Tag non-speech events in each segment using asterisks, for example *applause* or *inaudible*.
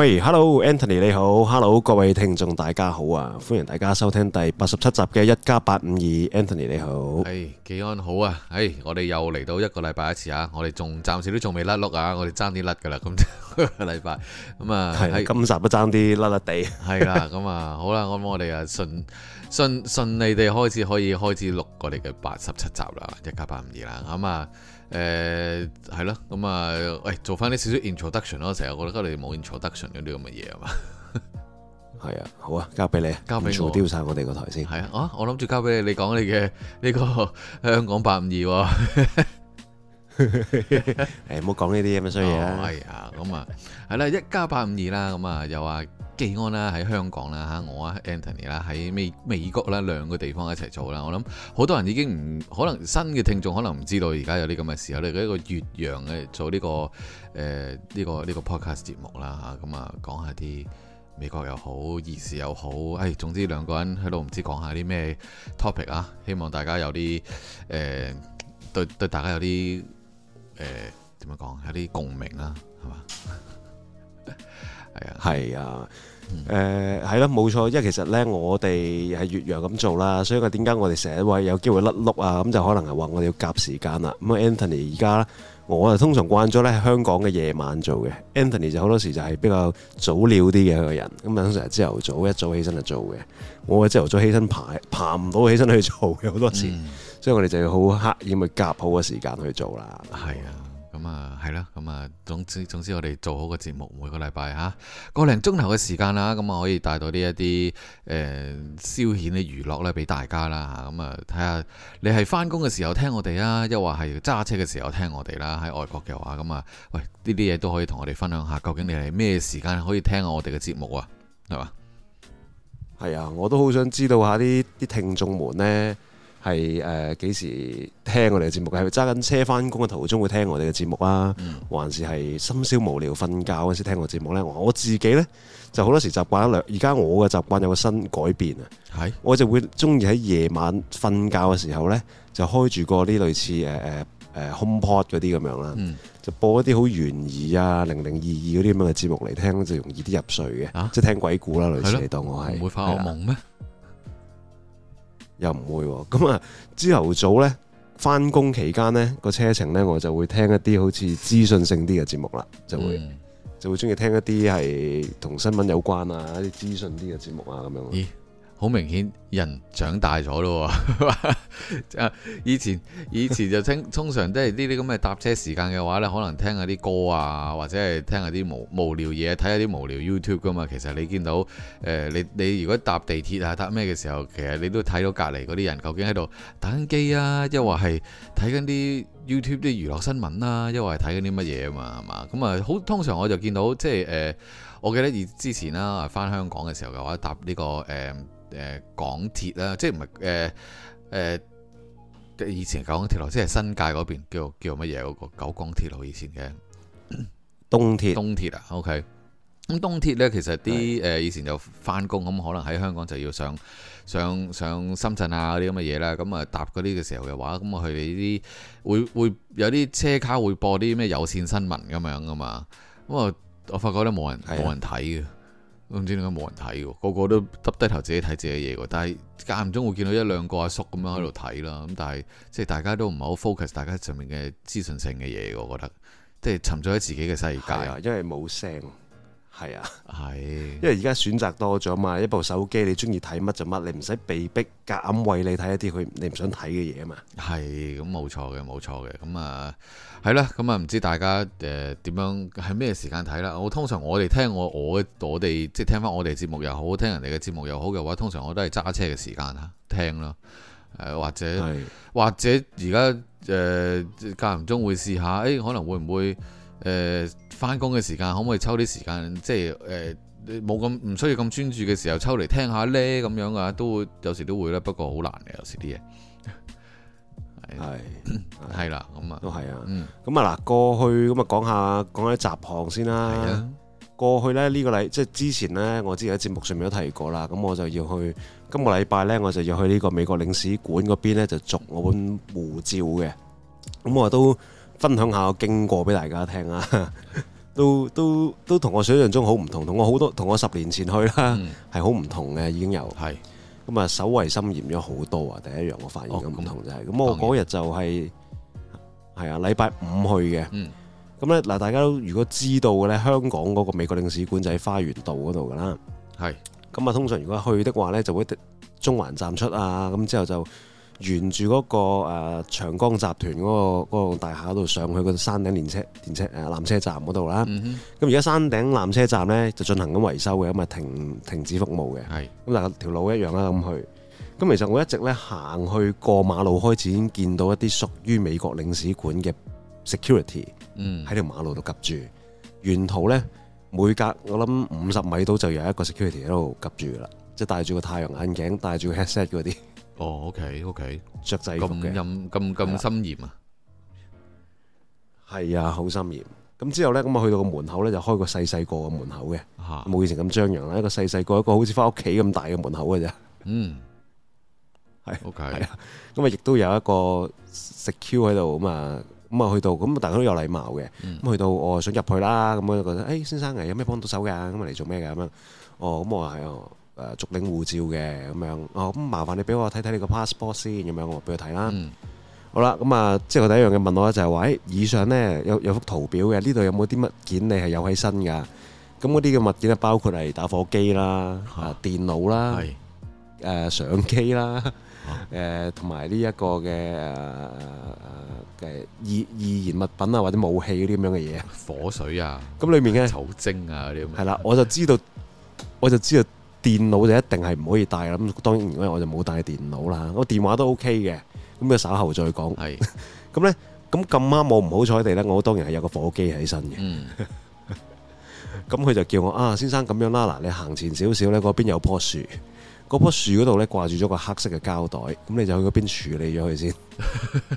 喂，Hello，Anthony 你好，Hello，各位聽眾大家好啊，歡迎大家收聽第八十七集嘅一家八五二，Anthony 你好，係、哎，技安好啊，哎，我哋又嚟到一個禮拜一次啊，我哋仲暫時都仲未甩碌啊，我哋爭啲甩噶啦，咁一個禮拜，咁啊係，今集都爭啲甩甩地，係 *laughs* 啦，咁啊好啦，咁我哋啊順順順利地開始可以開始錄我哋嘅八十七集啦，一家八五二啦，咁啊。嗯誒係咯，咁啊，喂，做翻啲少少 introduction 咯，成日覺得我哋冇 introduction 嗰啲咁嘅嘢啊嘛，係啊，好啊，交俾你，啊，交俾我，做丟晒我哋個台先，係啊，我我諗住交俾你，你講你嘅呢、呢個香講八五二喎，誒唔好講呢啲咁嘅衰嘢啊，係啊，咁啊，係啦，一家八五二啦，咁啊，又話。技安啦喺香港啦嚇，我啊 Anthony 啦喺美美國啦兩個地方一齊做啦。我諗好多人已經唔可能新嘅聽眾可能唔知道而家有啲咁嘅事啦。佢一個越洋嘅做呢、這個誒呢、呃這個呢、這個 podcast 節目啦嚇，咁啊、嗯、講下啲美國又好，義事又好，誒、哎、總之兩個人喺度唔知講下啲咩 topic 啊。希望大家有啲誒、呃、對對大家有啲誒點樣講、呃、有啲共鳴啦，係嘛？係 *laughs* 啊，係啊。誒係咯，冇、嗯呃、錯，因為其實咧，我哋係越洋咁做啦，所以佢點解我哋成日會有機會甩碌啊？咁就可能係話我哋要夾時間啦。咁 Anthony 而家，我就通常慣咗咧係香港嘅夜晚做嘅，Anthony 就好多時就係比較早料啲嘅一個人。咁啊，通常朝頭早一早起身就做嘅，我啊朝頭早起身爬爬唔到起身去做嘅好多次，嗯、所以我哋就要好刻意去夾好個時間去做啦，係啊。咁啊，係啦、嗯，咁啊，總之總之，我哋做好個節目，每個禮拜吓、啊、個零鐘頭嘅時間啦，咁啊，可以帶到呢一啲誒、呃、消遣嘅娛樂呢俾大家啦，咁啊，睇、啊、下你係翻工嘅時候聽我哋啊，又或係揸車嘅時候聽我哋啦，喺外國嘅話，咁啊，喂、啊，呢啲嘢都可以同我哋分享下，究竟你係咩時間可以聽我哋嘅節目啊，係嘛？係啊，我都好想知道下啲啲聽眾們呢。係誒，幾、呃、時聽我哋嘅節目？係咪揸緊車翻工嘅途中會聽我哋嘅節目啊，嗯、還是係深宵無聊瞓覺嗰時聽我嘅節目咧？我自己咧就好多時習慣，而家我嘅習慣有個新改變啊！係是，我就會中意喺夜晚瞓覺嘅時候咧，就開住個啲類似誒誒誒 HomePod 嗰啲咁樣啦，嗯、就播一啲好懸疑啊、零零二二嗰啲咁樣嘅節目嚟聽，就容易啲入睡嘅。啊、即係聽鬼故啦，嗯、類似你當的我係唔會發噩夢咩？又唔會喎，咁、嗯、啊，朝頭早咧，返工期間呢個車程呢，我就會聽一啲好似資訊性啲嘅節目啦，就會 Yeah. 就會鍾意聽一啲係同新聞有關啊，一啲資訊啲嘅節目啊咁樣。Yeah. 好明顯人長大咗咯、啊、 *laughs* 以前以前就聽，通常都係呢啲咁嘅搭車時間嘅話呢，可能聽下啲歌啊，或者係聽下啲無無聊嘢，睇下啲無聊 YouTube 噶嘛。其實你見到誒、呃，你你如果搭地鐵啊搭咩嘅時候，其實你都睇到隔離嗰啲人究竟喺度打緊機啊，抑或係睇緊啲 YouTube 啲娛樂新聞啊，抑或係睇緊啲乜嘢啊嘛，係嘛？咁啊，好通常我就見到即係誒、呃，我記得以之前啦、啊，返香港嘅時候嘅話搭呢、呢個誒。呃誒港、呃、鐵啦，即係唔係誒誒以前九廣鐵路，即係新界嗰邊叫叫乜嘢嗰個九廣鐵路以前嘅東鐵東鐵啊，OK。咁東鐵咧，其實啲誒、呃、以前就翻工咁，可能喺香港就要上上上深圳啊嗰啲咁嘅嘢啦。咁、嗯、啊搭嗰啲嘅時候嘅話，咁我佢哋呢啲會會有啲車卡會播啲咩有線新聞咁樣噶嘛。咁啊，我發覺都冇人冇的人睇嘅。唔知點解冇人睇嘅喎，個個都耷低頭自己睇自己嘢喎，但係間唔中會見到一兩個阿叔咁樣喺度睇啦，咁的但係即係大家都唔係好 focus，大家上面嘅資訊性嘅嘢，我覺得即係沉醉喺自己嘅世界，因為冇聲。係啊，係是，因為而家選擇多咗嘛，一部手機，你中意睇乜就乜，你唔使，被逼夾硬為你睇一啲佢你唔想睇嘅嘢啊嘛。係，咁冇錯嘅，冇錯嘅，咁、嗯、啊，係啦，咁、嗯、啊，唔知大家誒點、呃、樣，係咩時間睇啦？我通常我哋聽我我我哋即係聽翻我哋節目又好，聽人哋嘅節目又好嘅話，通常我都係揸車嘅時間啊聽咯，誒、呃、或者是或者而家誒間唔中會試下，誒可能會唔會？誒，翻工嘅時間可唔可以抽啲時間，即係誒，冇咁唔需要咁專注嘅時候，抽嚟聽下咧，咁樣啊，都會有時都會咧，不過好難嘅有時啲嘢，係係啦，咁啊都係啊，咁啊嗱，過去咁啊講下講下啲雜項先啦。過去咧呢個禮即係之前呢，我之前喺節目上面都提過啦。咁我就要去今個禮拜呢，我就要去呢個美國領事館嗰邊呢，就續我本護照嘅。咁我都。分享下我經過俾大家聽啊，都都都同我想象中好唔同，同我好多同我十年前去啦，係好唔同嘅已經有，係咁啊，守、嗯、衛森嚴咗好多啊！第一樣我發現嘅唔同就係咁，我嗰日就係、係、係然啊禮拜五去嘅，咁咧嗱，大家都如果知道嘅咧，香港嗰個美國領事館就喺花園道嗰度㗎啦，係咁啊，通常如果去的話咧，就會中環站出啊，咁之後就。沿住嗰個誒長江集團嗰個大廈度上去，嗰山頂電車、電車誒纜車站嗰度啦。咁而家山頂纜車站呢，就進行緊維修嘅，咁咪停停止服務嘅。咁是但係條路一樣啦，咁去。咁、嗯、其實我一直咧行去過馬路開始已經見到一啲屬於美國領事館嘅 security，喺、嗯、條馬路度 𥄫 住。沿途呢，每隔我諗五十米到就有一個 security 喺度 𥄫 住啦，即係戴住個太陽眼鏡、戴住個 headset 嗰啲。哦，OK，OK，着制服嘅。咁咁咁深嚴啊。係啊，好深嚴。咁之後咧，咁啊去到個門口咧，就開個細細個嘅門口嘅，吓冇以前咁張揚啦，一個細細個一個好似翻屋企咁大嘅門口嘅啫。嗯，係 OK，係啊。咁啊亦都有一個食 Q 喺度，咁啊咁啊去到，咁啊大家都有禮貌嘅。咁去到我啊想入去啦，咁我就覺得，誒，先生誒，有咩幫到手噶？咁啊嚟做咩噶？咁樣，哦，咁我話係啊。誒續領護照嘅咁樣，哦，咁麻煩你俾我睇睇你個 passport 先，咁樣我俾佢睇啦。嗯、好啦，咁啊，即係我第一樣嘅問我咧，就係話誒以上咧有有幅圖表嘅，呢度有冇啲物件你係有喺身噶？咁嗰啲嘅物件咧，包括係打火機啦、啊啊、電腦啦、誒是、啊、相機啦、誒同埋呢一個嘅誒嘅易易燃物品啊，或者武器嗰啲咁樣嘅嘢。火水啊！咁裡面嘅酒精啊嗰啲。係啦，我就知道，我就知道。電腦就一定係唔可以帶啦，咁當然咧我就冇帶電腦啦。我電話都 OK 嘅，咁就稍後再講。咁咧是，咁咁啱我唔好彩地咧，我當然係有個火機喺身嘅。咁佢、嗯、 *laughs* 就叫我啊，先生咁樣啦，嗱，你行前少少咧，嗰邊有棵樹，嗰棵樹嗰度咧掛住咗個黑色嘅膠袋，咁你就去嗰邊處理咗佢先，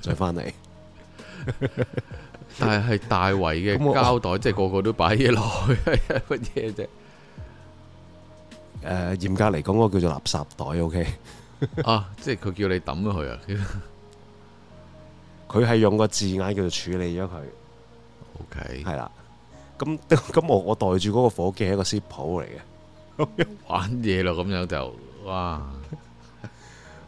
*laughs* 再翻回嚟。 *laughs* 但係係大圍嘅膠袋，即係我個個都擺嘢落去，係乜嘢啫？誒，嚴、uh, 格嚟講，嗰個叫做垃圾袋，OK 啊，即係佢叫你抌咗佢啊，佢 *laughs* 係用個字眼叫做處理咗佢，OK 係啦，咁咁我我袋住嗰個火機係一個師婆嚟嘅， *laughs* 玩嘢咯。咁樣就哇，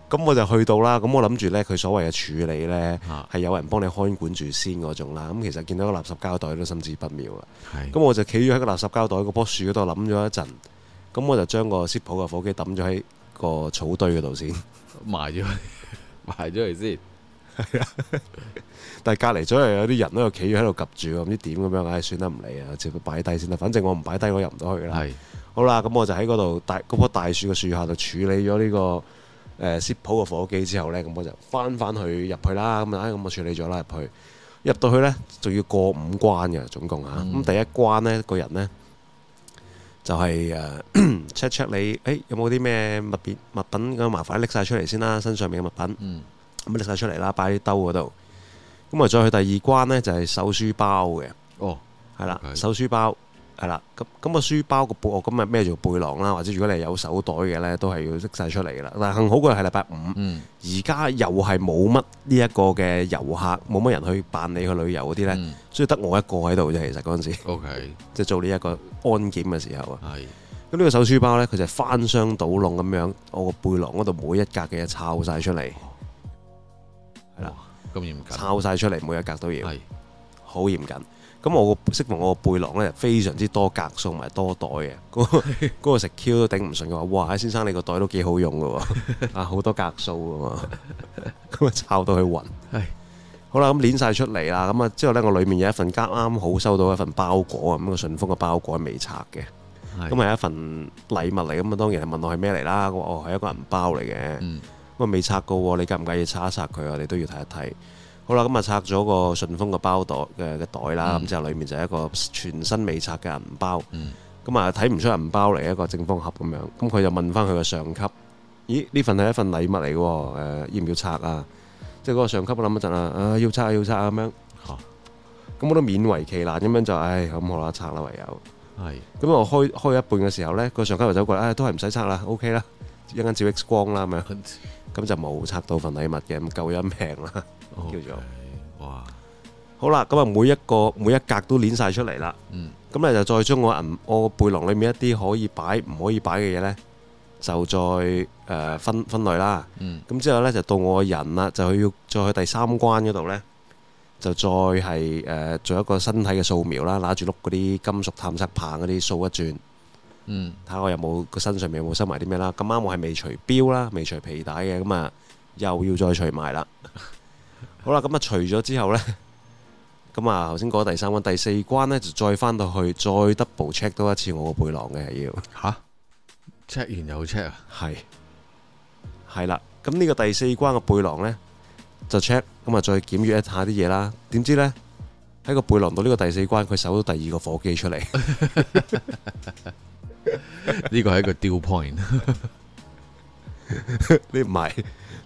咁 *laughs* 我就去到啦，咁我諗住呢，佢所謂嘅處理呢，係、啊、有人幫你看管住先嗰種啦，咁其實見到個垃圾膠袋都心知不妙啦，咁的我就企住喺個垃圾膠袋嗰棵樹嗰度諗咗一陣。咁我就將個攝普嘅火機抌咗喺個草堆嗰度先， *laughs* 埋咗佢，埋咗佢先。 *laughs* 但係隔離咗又有啲人都喺度企住喺度及住，我唔知點咁樣。唉，算啦，唔理啊，直接擺低先啦。反正我唔擺低，我入唔到去啦。是好啦，咁我就喺嗰度大嗰棵、那個、大樹嘅樹下度處理咗呢個誒攝普嘅火機之後呢。咁我就翻翻去入去啦。咁啊，咁我處理咗啦，入去。入到去，去，去呢，仲要過五關嘅總共嚇。咁、嗯、第一關呢個人呢。就係誒 check check 你，誒、哎、有冇啲咩物品物品咁麻煩，拎晒出嚟先啦，身上面嘅物品，咁拎晒出嚟啦，擺喺兜嗰度。咁、嗯、啊，再去第二關咧，就係手書包嘅。哦，係啦，手書包。係啦，咁咁個書包個背包，我今日孭做背囊啦，或者如果你係有手袋嘅咧，都係要拎晒出嚟噶啦。但幸好佢係禮拜五，而家、嗯、又係冇乜呢一個嘅遊客，冇乜人去辦理去旅遊嗰啲咧，嗯、所以得我一個喺度啫。其實嗰陣時，OK，即係做呢一個安檢嘅時候啊。係是，咁呢個手書包咧，佢就翻箱倒籠咁樣，我個背囊嗰度每一格嘅嘢抄晒出嚟，係啦、哦，咁嚴謹了抄晒出嚟每一格都要，好嚴謹。咁我個釋放我個背囊咧，非常之多格數同埋多袋嘅，嗰、 *laughs* 那個食 Q、那個、都頂唔順嘅話，哇！先生你個袋都幾好用嘅喎，啊好 *laughs* 多格數嘅嘛，咁啊抄到佢暈。 *laughs* 好啦，咁攣晒出嚟啦，咁啊之後呢，我裏面有一份啱啱好收到一份包裹咁，個順豐嘅包裹未拆嘅，咁係的一份禮物嚟，咁啊當然係問我係咩嚟啦，我、哦、係一個銀包嚟嘅，嗯、我未拆過喎，你介唔介意拆一拆佢啊？你都要睇一睇。好啦，咁啊拆咗個順豐嘅包袋嘅嘅袋啦，咁、嗯、之後裡面就係一個全新未拆嘅銀包。咁啊睇唔出銀包嚟一個正方盒咁樣。咁佢就問翻佢個上級，咦呢份係一份禮物嚟嘅，誒、呃、要唔要拆啊？即係嗰個上級，我諗一陣啊，啊要拆啊要拆咁、啊、樣。嚇、啊！咁我都勉為其難咁樣就唉，咁、哎、好啦，拆啦唯有。係咁的我開開一半嘅時候呢，個上級又走過嚟，唉、哎、都係唔使拆啦，OK 啦，一陣照 X 光啦咁樣。咁 *laughs* *laughs* 就冇拆到份禮物嘅，咁夠一命啦。叫做、okay，哇，好啦，咁啊每一個每一格都拎晒出嚟啦，咁咧、嗯、就再將我銀我背囊裏面一啲可以擺唔可以擺嘅嘢呢，就再誒、呃、分分類啦，咁、嗯、之後呢，就到我人啦，就去要再去第三關嗰度呢，就再係誒、呃、做一個身體嘅掃描啦，拿住碌嗰啲金屬探測棒嗰啲掃一轉，睇下、嗯、我有冇個身上面有冇收埋啲咩啦，咁啱我係未除表啦，未除皮帶嘅，咁啊又要再除埋啦。 *laughs* 好啦，咁啊，除咗之後呢？咁啊，頭先過咗第三關、第四關呢，就再返到去，再 double check 多一次我個背囊嘅，要吓 check、啊、完又 check 啊，係係啦，咁呢個第四關嘅背囊呢，就 check，咁啊再檢閱一下啲嘢啦。點知呢？喺個背囊度呢個第四關佢搜到第二個火機出嚟，呢個係一個丟 point，呢唔係。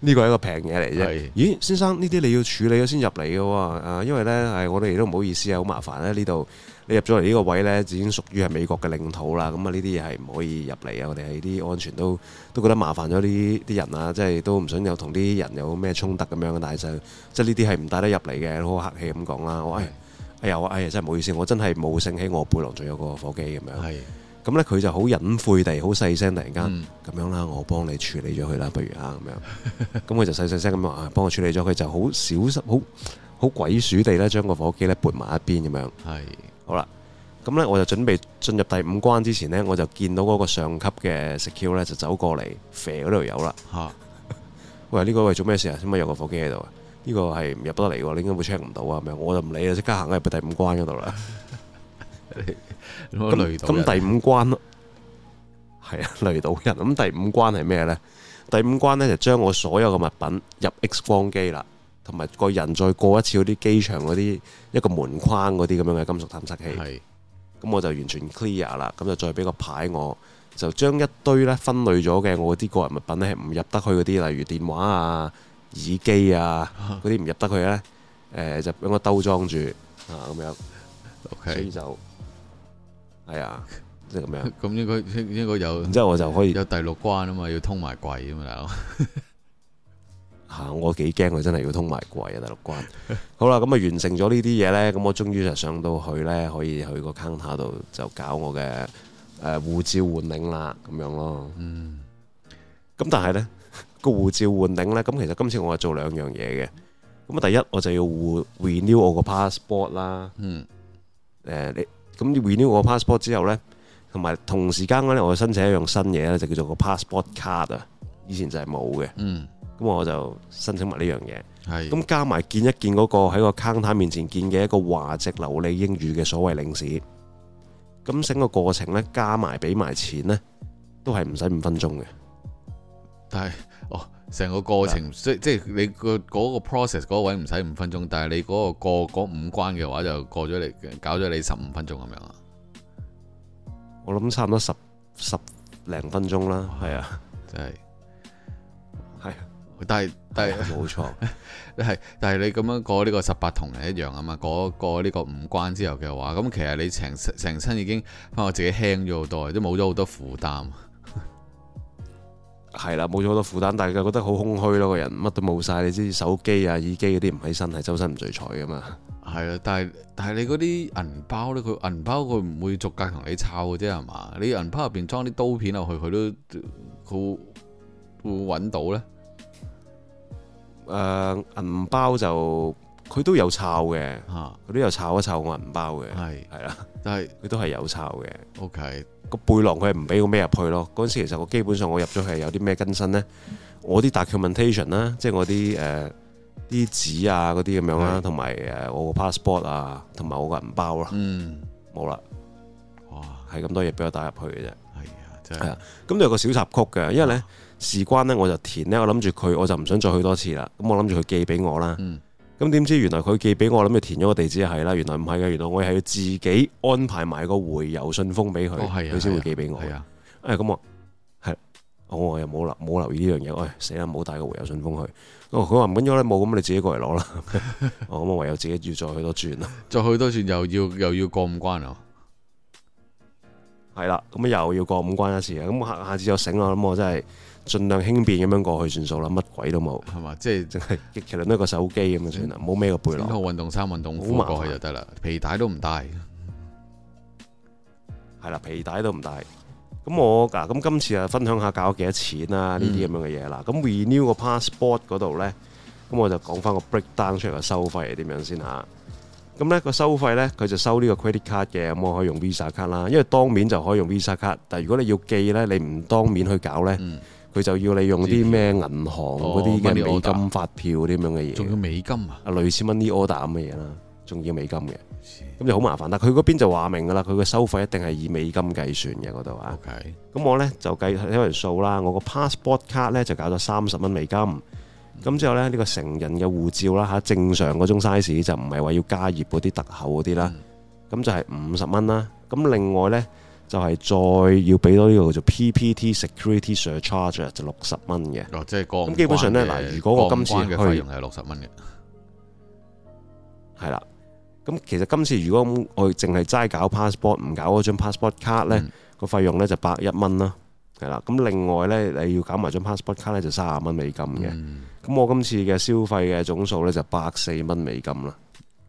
呢個係一個平嘢嚟啫。是的 咦，先生，呢啲你要處理咗先入嚟嘅喎。因為呢，係我哋都唔好意思啊，好麻煩咧呢度。你入咗嚟呢個位呢，已經屬於係美國嘅領土啦。咁啊，呢啲嘢係唔可以入嚟啊。我哋係啲安全都都覺得麻煩咗呢啲人啊，即係都唔想有同啲人有咩衝突咁樣嘅大係，即係呢啲係唔帶得入嚟嘅，好客氣咁講啦。我，哎呀哎呀，真係唔好意思，我真係冇醒起我背囊仲有個火機咁樣。咁咧佢就好隱晦地，好細聲突然間咁、嗯、樣啦，我幫你處理咗佢啦，不如啊咁樣。咁佢 *laughs* 就細細聲咁話啊，幫我處理咗佢就好小心，好好鬼鼠地咧，將個火機咧撥埋一邊咁樣。係的，好啦。咁咧我就準備進入第五關之前呢，我就見到嗰個上級嘅 Secure 咧就走過嚟，肥嗰度有啦吓。喂，呢個係做咩事啊？係咪有個火機喺度？呢、這個係唔入得嚟，你應該會 check 唔到啊？係咪？我就唔理啊，即刻行入第五關嗰度啦。 *laughs* *laughs* 咁第五關咯，係 *laughs* 啊，雷到人咁第五關係咩呢？第五關呢，就將、是、我所有嘅物品入 X 光機啦，同埋個人再過一次嗰啲機場嗰啲一個門框嗰啲咁樣嘅金屬探測器，係咁是我就完全 clear 啦，咁就再俾個牌我，我就將一堆呢分類咗嘅我啲個人物品呢，係唔入得去嗰啲，例如電話啊、耳機啊嗰啲唔入得去呢，誒、呃、就俾我兜裝住啊咁樣，OK，所以就。係啊，即係咁樣。咁應該應該有，之後我就可以有第六關啊嘛，要通埋櫃啊嘛，大佬。吓、 *laughs* 啊，我幾驚，我真係要通埋櫃啊，第六關。 *laughs* 好啦，咁、嗯、啊完成咗呢啲嘢咧，咁我終於就上到去咧，可以去個 counter 度就搞我嘅誒護照換領啦，咁樣咯。嗯。咁但係咧個護照換領咧，咁其實今次我係做兩樣嘢嘅。咁啊，第一我就要換 renew 我個 passport 啦。誒、嗯呃，你。咁你 renew 個 passport 之後呢，同埋同時間咧，我申請一樣新嘢咧，就叫做個 passport card 啊。以前就係冇嘅，咁、嗯、我就申請埋呢樣嘢。咁的加埋見一見嗰個喺個 counter 面前見嘅一個華籍流利英語嘅所謂領事。咁整個過程呢，加埋俾埋錢呢，都係唔使五分鐘嘅。係。成個過程，的即即係你個嗰個 process 嗰位唔使五分鐘，但係你嗰個過嗰五關嘅話，就過咗你搞咗你十五分鐘咁樣啊！我諗差唔多十十零分鐘啦，係啊 *laughs* 的，真係係啊，但係但係冇錯，係但係你咁樣過呢個十八同人一樣啊嘛，過過呢個五關之後嘅話，咁其實你成成身已經我自己輕咗好多，都冇咗好多負擔係啦，冇咗好多負擔，大家覺得好空虛咯。個人乜都冇晒，你知手機啊、耳機嗰啲唔喺身，係周身唔聚財噶嘛。係啊，但係但係你嗰啲銀包咧，佢銀包佢唔會逐格同你抄嘅啫，係嘛？你銀包入邊裝啲刀片落去，佢都佢會揾到咧。誒、呃，銀包就。佢都有抄嘅，佢都有抄一抄我銀包嘅，係係啦，的但係是佢都係有抄嘅。OK，個背囊佢係唔俾我孭入去咯。嗰時其實我基本上我入咗係有啲咩更新咧，我啲 documentation 啦，即係我啲誒啲紙啊嗰啲咁樣啦，同埋誒我個 passport 啊，同埋我個銀包啦，冇啦，嗯，哇，係咁多嘢俾我打入去嘅啫，係啊，係啊，咁就有個小插曲嘅，因為咧事關咧我，我，我，我就填咧，我諗住佢我就唔想再去多次啦，咁我諗住佢寄俾我啦。嗯咁點知原來佢寄俾我，諗住填咗個地址係啦。原來唔係嘅，原來我係要自己安排埋個回郵信封俾佢，佢先、哦啊、會寄俾我啊哎、嗯我我。哎，咁啊，係，我我又冇留冇留意呢樣嘢。喂，死啦，冇帶個回郵信封去。哦，佢話唔緊要啦，冇咁，你自己過嚟攞啦。哦、 *laughs* 嗯，咁啊，唯有自己要再去多轉啦， *laughs* 再去多轉又要又要過五關啊。係啦、 *laughs* 嗯，咁啊又要過五關一次啊。咁、嗯、下次就醒啦、嗯，我真係。儘量輕便咁樣過去算數啦，乜鬼都冇。係嘛，即係極其量都係個手機咁樣算啦，冇咩個背囊，穿套運動衫運動褲過去就得啦，皮帶都唔帶。係啦，皮帶都唔帶。咁我嗱咁今次就啊，分享下搞幾多錢啊呢啲咁樣嘅嘢啦。咁 renew 個 passport 嗰度咧，咁我就講翻個 breakdown 出嚟嘅收費係點樣先吓，咁、那、咧個收費咧，佢就收呢個 credit card 嘅，咁我可以用 visa card 啦，因為當面就可以用 visa card，但係如果你要寄咧，你唔當面去搞咧。嗯佢就要你用啲咩銀行嗰啲嘅美金發票啲咁樣嘅嘢，仲要美金啊？啊，類似 money order 咁嘅嘢啦，仲要美金嘅，咁的就好麻煩。但佢嗰邊就話明噶啦，佢嘅收費一定係以美金計算嘅嗰度啊。咁 Okay 我呢，就計睇下條數啦，我個 passport card 呢，就搞咗三十蚊美金，咁、嗯、之後呢，呢、呢個成人嘅護照啦嚇，正常嗰種 size 就唔係話要加熱嗰啲特厚嗰啲啦，咁、嗯、就係五十蚊啦。咁另外呢。就係再要俾多呢個叫做、就是、PPT security surcharge 就六十蚊嘅。咁、哦、基本上呢，嗱，如果我今次嘅費用係六十蚊嘅，係啦。咁其實今次如果我淨係齋搞 passport 唔搞嗰張 passport 卡呢，嗯、個費用呢就百一蚊啦。係啦。咁另外呢，你要搞埋張 passport 卡呢，就三十蚊美金嘅。咁、嗯、我今次嘅消費嘅總數呢，就百四蚊美金啦。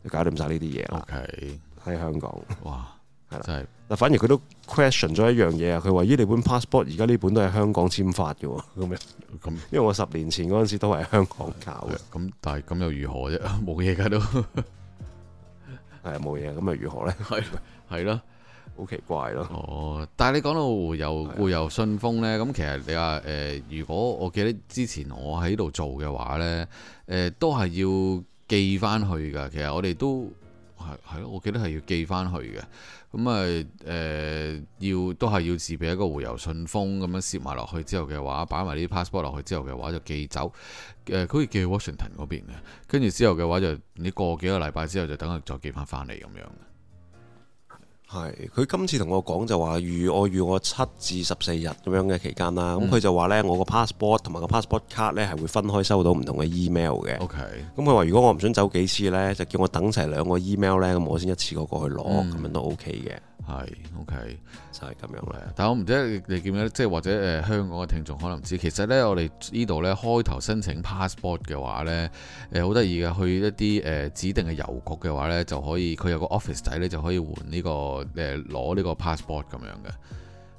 就搞掂晒呢啲嘢啦。喺 Okay 香港。哇！係嗱，但反而佢都 question 咗一樣嘢啊！佢話：依你本 passport 而家呢本都係香港簽發嘅喎，咁因為我十年前嗰陣時都係香港搞嘅。咁但係咁又如何啫？冇嘢嘅都係冇嘢，咁又如何咧？係係啦，好 *laughs* 奇怪咯。哦，但係你講到又會有，的有信封咧，咁其實你話誒、呃，如果我記得之前我喺度做嘅話咧，誒、呃、都係要寄翻去嘅。其實我哋都。係係咯，我記得係要寄翻去嘅，咁啊誒，要都係要自備一個回郵信封咁樣，攝埋落去之後嘅話，擺埋啲 passport 落去之後嘅話就寄走，誒、呃，可以寄去 Washington 嗰邊嘅，跟住之後嘅話就你過幾個禮拜之後就等佢再寄翻翻嚟咁樣。係，佢今次同我講就話預我預我七至十四日咁樣嘅期間啦，咁佢、嗯、就話呢，我個 passport 同埋個 passport card 呢係會分開收到唔同嘅 email 嘅。OK，咁佢話如果我唔想走幾次呢，就叫我等齊兩個 email 呢，咁我先一次過過去攞，咁、嗯、樣都 OK 嘅。係，OK，就係咁樣咧。但係我唔知你記唔記得咧，即係或者誒、呃、香港嘅聽眾可能唔知，其實呢，我哋呢度呢開頭申請 passport 嘅話呢，誒好得意嘅，去一啲誒、呃、指定嘅郵局嘅話呢，就可以，佢有個 office 仔呢，就可以換呢、呢個誒攞呢個 passport 咁樣嘅。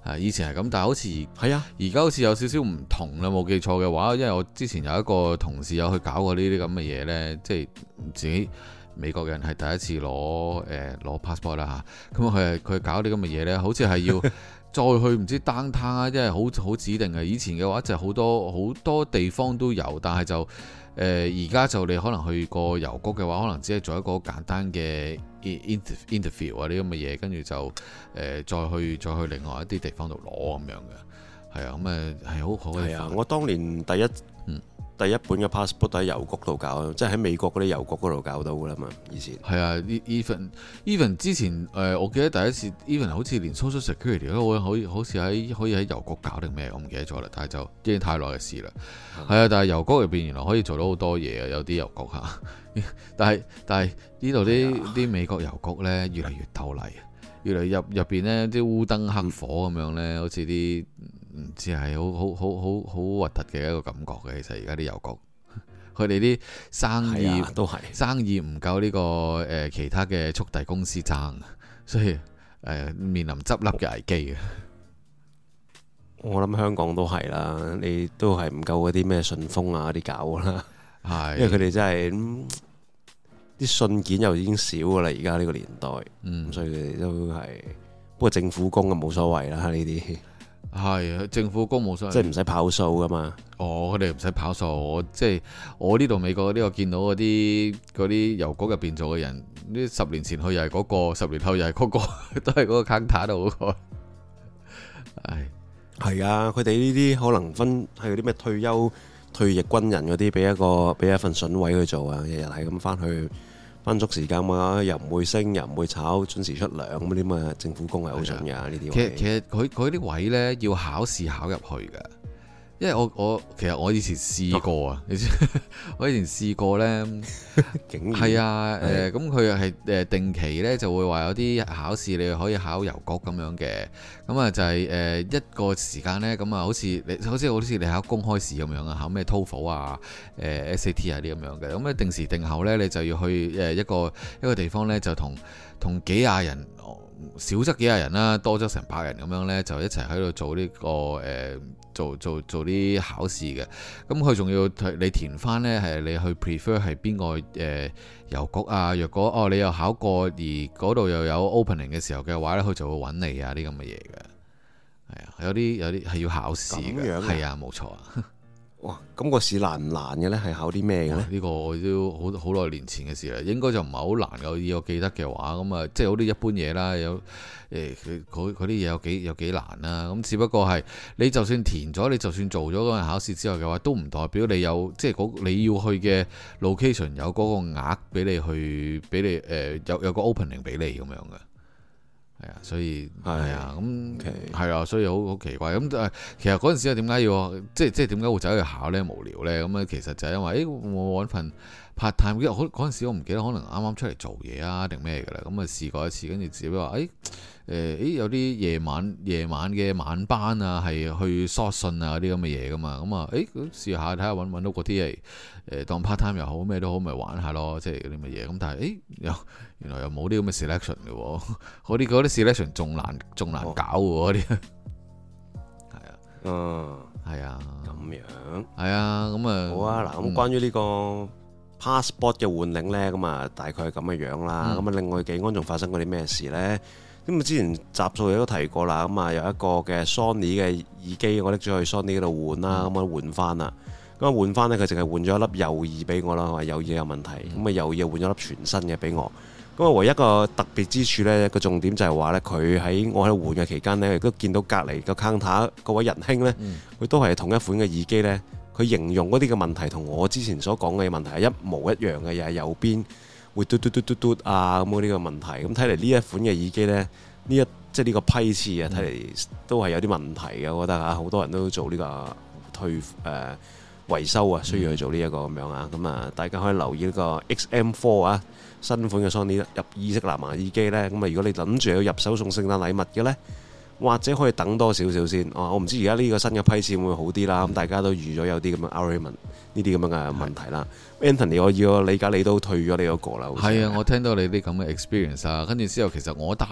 啊，以前係咁，但係好似係啊，而家好似有少少唔同啦，冇記錯嘅話，因為我之前有一個同事有去搞過呢啲咁嘅嘢呢，即係自己。美國人係第一次攞誒攞 passport 啦嚇，咁佢佢搞啲咁嘅嘢呢，好似係要再去唔 *laughs* 知 downtown 啊，因為好好指定嘅。以前嘅話就好多好多地方都有，但係就誒而家就你可能去過郵局嘅話，可能只係做一個簡單嘅 interview 啊啲咁嘅嘢，跟住就誒、欸、再去再去另外一啲地方度攞咁樣嘅，係啊，咁啊係好好嘅。係啊，我當年第一嗯。第一本嘅 passport 都喺郵局度搞，即係喺美國嗰啲郵局嗰度搞到噶啦嘛，以前。係啊，Even，Even 之前，誒，我記得第一次，Even 好似連 Social Security 都可可以，好似喺可以喺郵局搞定咩，我唔記得咗啦。但係就已經太耐嘅事啦。係、嗯、啊，但係郵局入邊原來可以做到好多嘢啊，有啲郵局嚇。但係但係呢度啲啲美國郵局咧越嚟越鬥嚟，越嚟入入邊咧啲烏燈黑火咁樣咧，嗯、好似啲。唔知係好好好好好核突嘅一個感覺嘅。啊這個呃，其實而家啲郵局，佢哋啲生意都係生意唔夠呢個誒其他嘅速遞公司爭，所以誒、呃、面臨執笠嘅危機嘅。我諗香港都係啦，你都係唔夠嗰啲咩信封啊啲搞啦，是因為佢哋真係啲、嗯、信件又已經少噶啦，而家呢個年代，咁、嗯、所以佢哋都係不過政府工啊冇所謂啦呢啲。係，政府公務員即係唔使跑數噶嘛。哦，佢哋唔使跑數，即係我呢度美國呢、這個見到嗰啲嗰啲郵局入邊做嘅人，呢十年前去又係嗰個，十年後又係嗰個， *laughs* 都係嗰個 counter 度。唉、哎，係啊，佢哋呢啲可能分係嗰啲咩退休退役軍人嗰啲，俾一個俾一份筍位去做啊，日日係咁翻去。分足時間嘛，又唔會升，又唔會炒，準時出糧咁啲嘛，政府工係好想嘅呢啲。其實其實佢啲位咧要考試考入去嘅。因為我我其實我以前試過啊，你知，我以前試過咧，係 *laughs* 景義 啊，誒咁佢又係誒定期呢，就會話有啲考試，你可以考郵局咁樣嘅，咁、嗯、啊就係、是、誒、呃、一個時間呢，咁啊好似好似好似你考公開試咁樣啊，考咩 TOEFL 啊，誒 SAT 啊啲咁樣嘅，咁、嗯、咧定時定候呢，你就要去誒一個一個地方呢，就同同幾廿人。少則幾廿人啦，多則成百人咁樣呢，就一齊喺度做呢、這個誒、呃，做做做啲考試嘅。咁佢仲要你填翻呢，係你去 prefer 係邊個誒郵、呃、局啊？若果哦，你又考過而嗰度又有 opening 嘅時候嘅話呢，佢就會揾你啊！呢咁嘅嘢嘅，係啊，有啲有啲係要考試嘅，係啊，冇錯啊。 *laughs* 哇，咁、嗰個試難唔難嘅呢？係考啲咩嘅咧？呢個都好好耐年前嘅事啦，應該就唔係好難有依個記得嘅話，咁、嗯哎、啊，即係好啲一般嘢啦。有誒，佢啲嘢，有幾有幾難啦。咁只不過係你就算填咗，你就算做咗嗰個考試之後嘅話，都唔代表你有即係、就是、你要去嘅 location 有嗰個額俾你去，俾你誒、呃、有有個 opening 俾你咁樣嘅。係、哎、Okay. 啊，所以係啊，咁係啊，所以好好奇怪咁誒，其實嗰陣時咧，點解要即係即係點解會走去考咧？無聊咧，咁啊，其實就係因為誒、欸，我揾份 part time，嗰嗰陣時我唔記得，可能啱啱出嚟做嘢啊定咩嘅啦，咁啊試過一次，跟住自己話，誒、哎、誒、哎，有啲夜晚夜晚嘅晚班啊，係去 sort 信啊嗰啲咁嘅嘢噶嘛，咁、哎、啊，誒試下睇下揾揾到嗰啲誒，誒當 part time 又好咩都好，咪玩下咯，即係嗰啲乜嘢，咁但係誒又原來又冇啲咁嘅 selection 嘅喎，嗰啲嗰啲 selection 仲難仲難搞喎啲，係啊，樣啊嗯，係啊，咁樣，係啊，咁啊，好啊，嗱，咁關於呢、呢個。Passport 嘅換領呢，咁啊大概係咁嘅樣啦。咁啊、嗯，另外幾間仲發生過啲咩事呢？咁啊，之前集數亦都提過啦。咁、嗯、啊，有一個嘅 Sony 嘅耳機我，嗯、我拎咗去 Sony 嗰度換啦，咁啊換翻啦。咁啊換翻呢，佢淨係換咗一粒右耳俾我啦，話右耳有問題。咁啊右耳又換咗粒全新嘅俾我。咁啊唯一,一個特別之處呢，個重點就係話呢，佢喺我喺度換嘅期間呢，亦都見到隔離個 counter 嗰位仁兄呢，佢、嗯、都係同一款嘅耳機呢。佢形容嗰啲嘅問題同我之前所講嘅問題係一模一樣嘅，又係右邊會嘟嘟嘟嘟嘟啊咁呢個問題，咁睇嚟呢一款嘅耳機呢，呢一即係呢個批次啊，睇嚟、嗯、都係有啲問題嘅，我覺得啊，好多人都做呢、這個退誒、呃、維修啊，需要去做呢、這、一個咁、嗯、樣啊，咁啊大家可以留意呢個 XM Four 啊，新款嘅 Sony 入耳式藍牙耳機呢。咁啊如果你諗住要入手送聖誕禮物嘅呢。或者可以等多少少先，啊、我唔知而家呢個新嘅批次會好啲啦，咁、嗯、大家都預咗有啲咁嘅 arrangement 呢啲咁樣嘅問題啦。Anthony，我要理解你，你都退咗你呢個啦，係啊，我聽到你啲咁嘅 experience 啊，跟住之後其實我戴、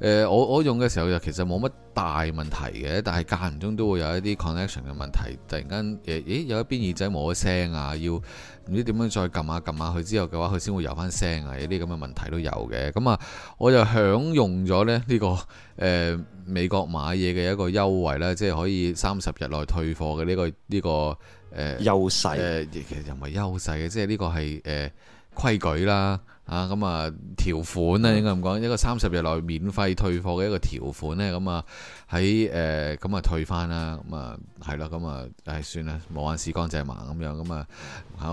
呃、我我用嘅時候又其實冇乜大問題嘅，但係間唔中都會有一啲 connection 嘅問題，突然間誒，咦有一邊耳仔冇咗聲啊，要唔知點樣再撳下撳下佢之後嘅話，佢先會有翻聲啊，呢啲咁嘅問題都有嘅。咁啊，我就享用咗呢呢個誒、呃、美國買嘢嘅一個優惠啦，即係可以三十日內退貨嘅呢個呢個。這個誒，優勢誒，其實又唔係優勢嘅，即係呢個係誒規矩啦，啊咁啊條款咧、啊，應該咁講，嗯、一個三十日內免費退貨嘅一個條款呢、啊。咁啊喺誒咁啊退返啦，咁啊係咯，咁、嗯、啊係算啦，冇眼屎乾淨嘛咁樣，咁啊，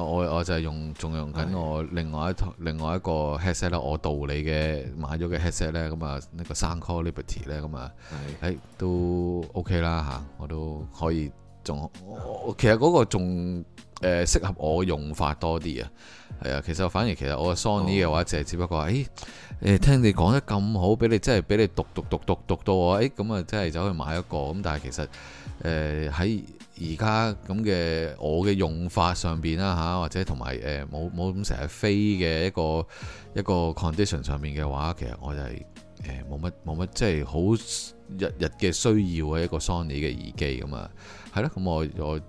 我我就係用仲用緊我另外一套，另外一個 headset 咧、啊，我導你嘅買咗嘅 headset 咧，咁啊呢個 Soundcore Liberty 咧，咁啊，誒、那個啊嗯嗯、都 OK 啦吓、啊，我都可以。其實嗰個仲誒、呃、適合我用法多啲啊，係啊。其實反而其實我 Sony 嘅話就係只不過係誒誒聽你講得咁好，俾你即係俾你讀讀讀讀讀到我誒咁啊，即係走去買一個咁。但係其實誒喺而家咁嘅我嘅用法上邊啦嚇，或者同埋誒冇冇咁成日飛嘅一個一個 condition 上面嘅話，其實我就係誒冇乜冇乜即係好日日嘅需要嘅一個 Sony 嘅耳機咁啊。係啦，咁我我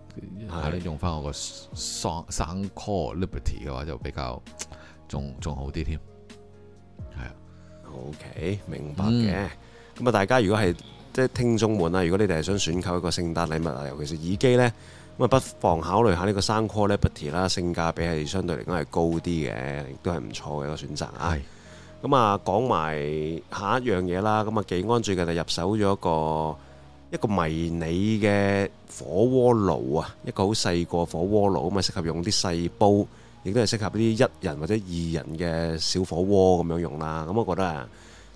係咧用翻我個 Sound Soundcore Liberty 嘅話就比較仲仲好啲添。係啊，OK，明白嘅。咁啊、嗯，大家如果係即係聽眾們啊，如果你哋係想選購一個聖誕禮物啊，尤其是耳機咧，咁啊，不妨考慮下呢個 Sound *music* core Liberty 啦，性價比係相對嚟講係高啲嘅，亦都係唔錯嘅一個選擇的啊。咁啊，講埋下一樣嘢啦。咁啊，技安最近就入手咗一個。一個迷你嘅火鍋爐啊，一個好細個火鍋爐咁啊，適合用啲細煲，亦都係適合啲一,一人或者二人嘅小火鍋咁樣用啦。咁我覺得啊，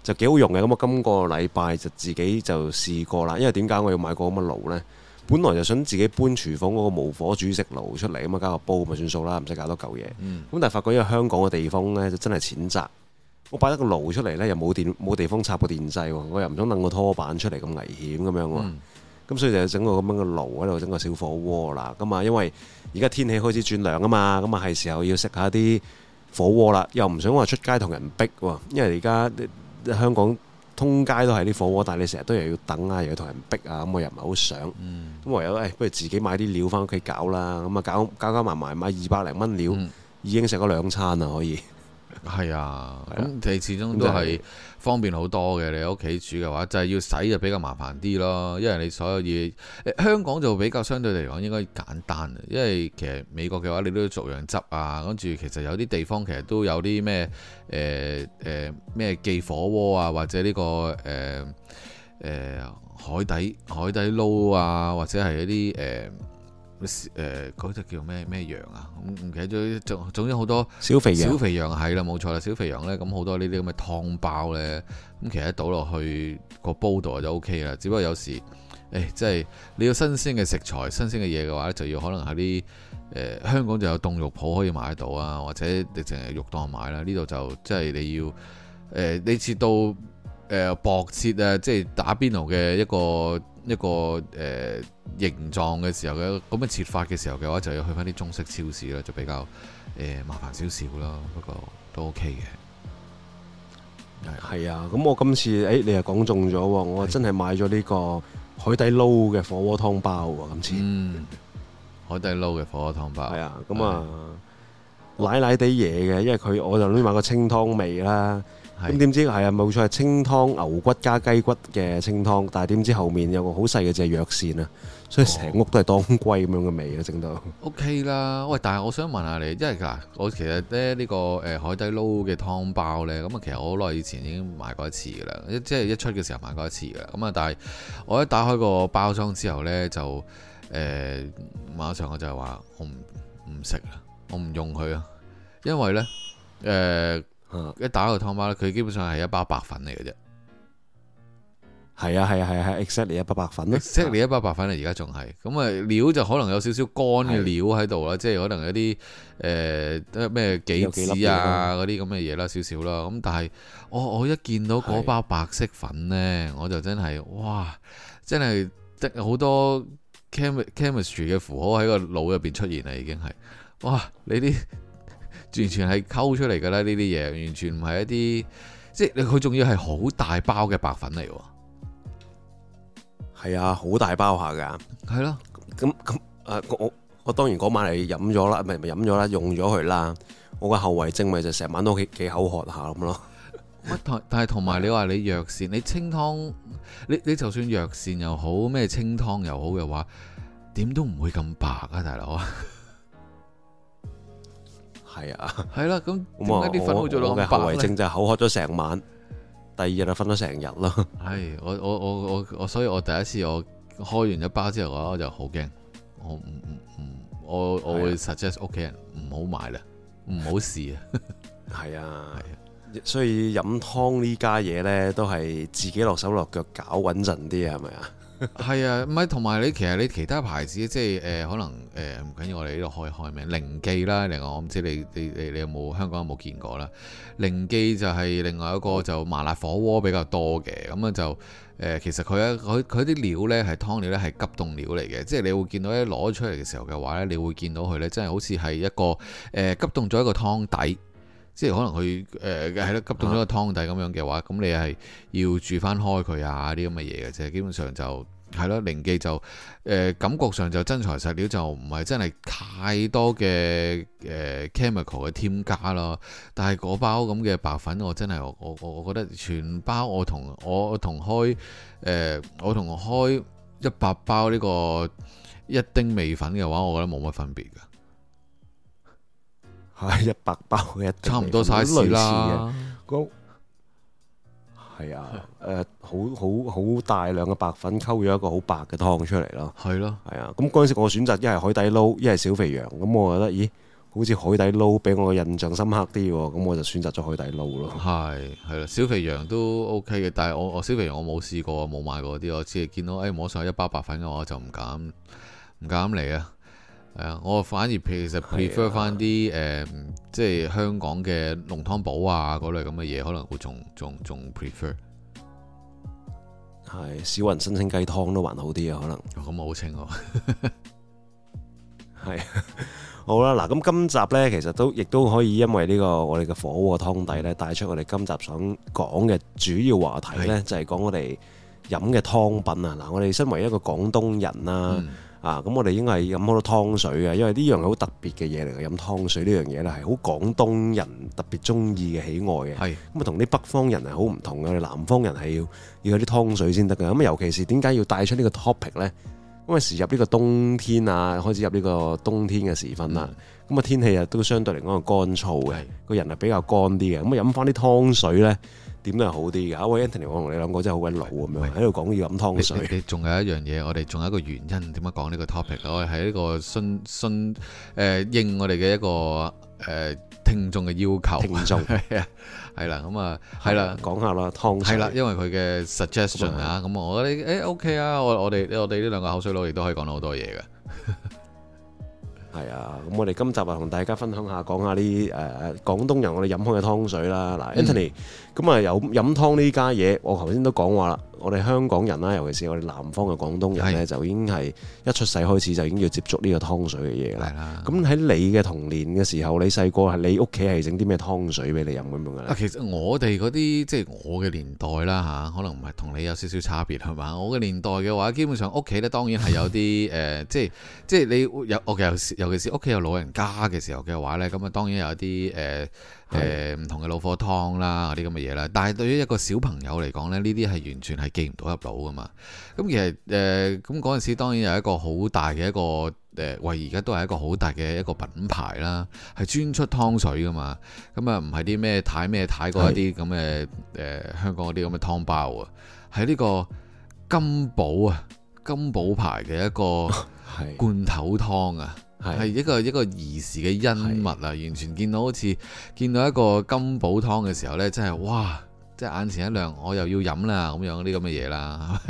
就幾好用嘅。咁我今個禮拜就自己就試過啦。因為點解我要買個咁嘅爐呢？本來就想自己搬廚房嗰個無火煮食爐出嚟，咁啊加個煲咪算數啦，唔使搞多嚿嘢。咁、嗯、但係發覺因為香港嘅地方呢，就真係淺窄。我擺咗個爐出嚟呢，又冇電，冇地方插個電掣，我又唔想等個拖板出嚟咁危險咁樣喎。咁、嗯、所以就整個咁樣個爐喺度，整個小火鍋啦。咁啊，因為而家天氣開始轉涼啊嘛，咁啊係時候要食下啲火鍋啦。又唔想話出街同人逼，因為而家香港通街都係啲火鍋，但係你成日都又要等啊，又要同人逼啊，咁我、嗯、我又唔係好想。咁唯有不如自己買啲料翻屋企搞啦。咁啊，搞搞搞埋埋，買二百零蚊料，嗯、已經食咗兩餐啦，可以。係啊，咁、啊、你始終都係方便好多嘅。嗯、你喺屋企煮嘅話，就係、是、要洗就比較麻煩啲咯。因為你所有嘢、呃，香港就比較相對嚟講應該簡單。因為其實美國嘅話，你都要逐樣執啊。跟住其實有啲地方其實都有啲咩誒誒咩記火鍋啊，或者呢、這個誒誒、呃呃、海底海底撈啊，或者係一啲誒。呃誒嗰隻叫咩咩羊啊？唔唔記得咗，總之好多小肥羊，小肥羊係啦，冇錯啦，小肥羊咧咁好多呢啲咁嘅湯包咧，咁其實一倒落去、個煲度就 O K 啦。只不過有時誒，即係你要新鮮嘅食材、新鮮嘅嘢嘅話，就要可能喺啲誒香港就有凍肉舖可以買得到啊，或者你淨係肉檔買啦。呢度就即係你要誒、呃、你切到誒、呃、薄切啊，即係打邊爐嘅一個。一個誒、呃、形狀嘅時候嘅，咁嘅切法嘅時候嘅話，就要去翻啲中式超市啦，就比較誒、呃、麻煩少少啦。不過都 OK 嘅。係啊，咁我今次誒、欸，你又講中咗，我真係買咗呢個海底撈嘅火鍋湯包喎，今次。嗯、海底撈嘅火鍋湯包。係啊，咁啊的，奶奶哋嘢嘅，因為佢，我就諗住買個清湯味啦。咁點、嗯、知係啊？冇錯，係清湯牛骨加雞骨嘅清湯，但係點知後面有個好細嘅隻藥膳啊，所以成屋都係當歸咁樣嘅味啊，整到、哦。OK 啦，喂！但係我想問下你，因為嗱，我其實咧呢、呢個誒海底撈嘅湯包呢，咁啊，其實我好耐以前已經買過一次噶啦，即係、即係、一出嘅時候買過一次噶咁啊，但係我一打開個包裝之後呢，就誒、呃，馬上我就話我唔唔食啦，我唔用佢啊，因為呢。呃、誒。一打個湯包咧，佢基本上係一包白粉嚟嘅啫。係啊，係啊，係啊，係。exactly 一包白粉 exactly *laughs* 一包白粉啊！而家仲係。咁啊，料就可能有少少乾嘅料喺度啦，的即係可能有啲誒咩杞子啊嗰啲咁嘅嘢啦，少少啦。咁但係我我一見到嗰包白色粉呢，的我就真係哇，真係即好多 chemistry 嘅符號喺個腦入邊出現啦，已經係哇，你啲。完全係溝出嚟嘅啦，呢啲嘢完全唔係一啲，即係佢仲要係好大包嘅白粉嚟喎。係啊，好大包下㗎。係咯、啊，咁咁誒，我我，我當然嗰晚係飲咗啦，咪咪唔飲咗啦，用咗佢啦。我個後遺症咪就成晚都幾幾口渴下咁咯。乜？ *laughs* 但係同埋你話你藥膳，你清湯，你你就算藥膳又好，咩清湯又好嘅話，點都唔會咁白啊，大佬啊！ *laughs* 係啊，係啦，咁點解啲瞓好咗咯？白咧，後遺症就口渴咗成晚，嗯、第二日就瞓咗成日咯。係我我我我我，所以我第一次我開完一包之後我就好驚。我唔唔唔，我我，我會 suggest 屋企人唔好買啦，唔好試啊。係、okay，啊， *laughs* 啊啊所以飲湯呢家嘢咧，都係自己落手落腳搞穩陣啲啊，係咪啊？係啊，唔係同埋你其實你其他牌子即係誒、呃、可能誒唔、呃、緊要，我哋呢度開開名，寧記啦，另外我唔知你你你有冇香港有冇見過啦？寧記就係另外一個就麻辣火鍋比較多嘅，咁、嗯、啊就誒、呃、其實佢一佢佢啲料呢係湯料呢係急凍料嚟嘅，即係你會見到一攞出嚟嘅時候嘅話呢，你會見到佢呢真係好似係一個誒、呃、急凍咗一個湯底，即係可能佢誒係咯急凍咗個湯底咁樣嘅話，咁、啊、你係要煮翻開佢啊啲咁嘅嘢嘅啫，基本上就。係咯，零記就誒、呃、感覺上就真材實料，就唔係真係太多嘅誒、呃、chemical 嘅添加啦。但係嗰包咁嘅白粉，我真係我我我覺得全包我同我，我同開誒、呃、我同開一百包呢個一丁味粉嘅話，我覺得冇乜分別嘅。係、啊、一百包嘅差唔多 size 啦。係啊，誒、呃、好好好大量嘅白粉溝咗一個好白嘅湯出嚟咯。係咯，係啊。咁嗰陣時我選擇一係海底撈，一係小肥羊。咁我覺得，咦，好似海底撈俾我印象深刻啲喎。咁我就選擇咗海底撈咯。係係啦，小肥羊都 OK 嘅，但係我我小肥羊我冇試過，冇買過啲。我只係見到誒摸晒一包白粉嘅話，我就唔敢唔敢嚟啊。係啊，uh, 我反而其實 prefer 翻啲誒，即係香港嘅濃湯寶啊，嗰類咁嘅嘢，可能會仲仲仲 prefer。係小雲新清雞湯都還好啲啊，可能、哦。咁好清喎。係。 *laughs* 好啦，嗱，咁今集呢，其實都亦都可以因為呢、呢個我哋嘅火鍋湯底呢帶出我哋今集想講嘅主要話題呢，是就係講我哋飲嘅湯品啊。嗱、嗯，我哋身為一個廣東人啦。嗯啊，咁我哋應該係飲好多湯水啊，因為呢樣係好特別嘅嘢嚟嘅。飲湯水呢樣嘢咧係好廣東人特別中意嘅喜愛嘅。係咁啊，同啲北方人係好唔同嘅。南方人係要要有啲湯水先得㗎。咁尤其是點解要帶出呢個 topic 咧？因為時入呢個冬天啊，開始入呢個冬天嘅時分啦。咁啊、嗯，天氣啊都相對嚟講係乾燥嘅，個人係比較乾啲嘅。咁啊，飲翻啲湯水咧。點都係好啲㗎，啊，Anthony，我同你兩個真係好鬼老咁是樣，喺度喂講要飲湯水，你你仲有一樣嘢，我哋仲有一個原因點解講呢個 topic？我係一個信信誒、呃、應我哋嘅一個誒、呃、聽眾嘅要求。聽眾係啦，咁啊係啦，講、嗯、下啦湯水。係啦，因為佢嘅 suggestion 啊、就是，咁我覺得誒 OK 啊，我我哋我哋呢兩個口水佬亦都可以講到好多嘢嘅。 *laughs* 係啊，咁我哋今集啊同大家分享下，下，講下啲誒廣東人我哋飲開嘅湯水啦。嗱 *music* ，Anthony，咁啊有飲湯呢家嘢，我頭先都講話啦。我哋香港人啦，尤其是我哋南方嘅廣東人咧，的就已經係一出世開始就已經要接觸呢個湯水嘅嘢啦。咁喺的你嘅童年嘅時候，你細個係你屋企係整啲咩湯水俾你飲咁樣嘅咧？其實我哋嗰啲即係我嘅年代啦嚇，可能唔係同你有少少差別係嘛。我嘅年代嘅話，基本上屋企咧當然係有啲誒、 *laughs* 呃，即係即係你有，尤其尤其是屋企有老人家嘅時候嘅話咧，咁啊當然有啲誒。呃誒唔同嘅老火湯啦，啲咁嘅嘢啦，但係對於一個小朋友嚟講呢，呢啲係完全係記唔到入腦噶嘛。咁其實誒，咁嗰陣時當然有一個好大嘅一個誒，喂，而家都係一個好大嘅一個品牌啦，係專出湯水噶嘛。咁啊，唔係啲咩太咩太嗰一啲咁嘅誒香港啲咁嘅湯包啊，係呢個金寶啊，金寶牌嘅一個罐頭湯啊。 *laughs* 係一個一個兒時嘅恩物啊！的完全見到好似見到一個金寶湯嘅時候咧，真係哇！即係眼前一亮，我又要飲啦咁樣啲咁嘅嘢啦，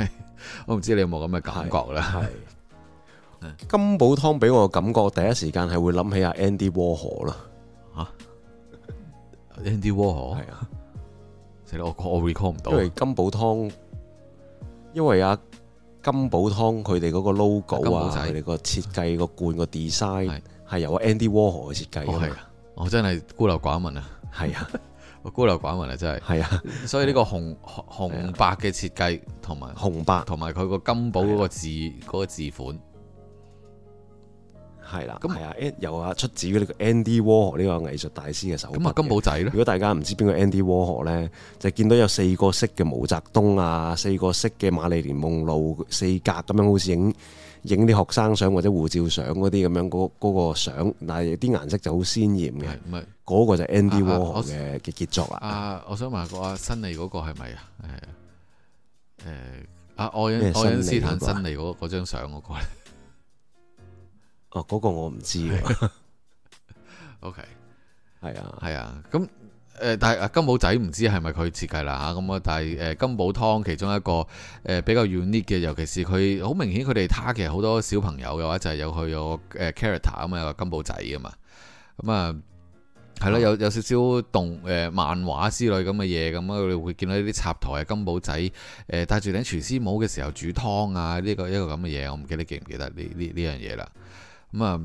我唔知你有冇咁嘅感覺啦。金寶湯俾我感覺，第一時間係會諗起阿 Andy Warhol 啦。吓？Andy Warhol 係啊，其實我我 recall 唔到因，因為金寶湯，因為阿。金寶湯佢哋嗰個 logo 啊，就係你個設計個罐個 design 係由 Andy Warhol 嘅設計啊嘛，我真係孤陋寡聞啊，係啊，我孤陋寡聞啊，真係，係啊，所以呢個紅紅白嘅設計同埋紅白同埋佢個金寶嗰個字個字款。係啦，咁係啊，是由啊出自呢個 Andy Warhol 呢個藝術大師嘅手。咁啊金寶仔咧？如果大家唔知邊個 Andy Warhol 咧，就見到有四個色嘅毛澤東啊，四個色嘅瑪麗蓮夢露四格咁樣，樣，好似影影啲學生相或者護照相嗰啲咁樣，嗰嗰個相，但係啲顏色就好鮮艷嘅。唔係，嗰個就 Andy、啊、Warhol 嘅嘅傑作啦、啊。啊，我想問下阿新利嗰個係咪啊？係誒，阿愛，愛因斯坦新利嗰嗰張相嗰個咧？ *laughs* 哦，嗰，那個我唔知。 *laughs* OK，係啊，係啊。咁，誒，但係金寶仔唔知係咪佢設計啦嚇。咁啊，但係誒金寶湯其中一個誒比較 unique 啲嘅，尤其是佢好明顯佢哋，他其實好多小朋友嘅話就係有佢有誒 character 啊嘛，有個金寶仔啊嘛。咁、嗯、啊，係咯 Yeah.、嗯，有有少少動誒漫畫之類咁嘅嘢，咁啊，你會見到呢啲插圖啊，金寶仔誒戴住頂廚師帽嘅時候煮湯啊，呢，這個一個咁嘅嘢，我唔記,記,記得，記唔記得呢呢呢樣嘢啦。咁啊，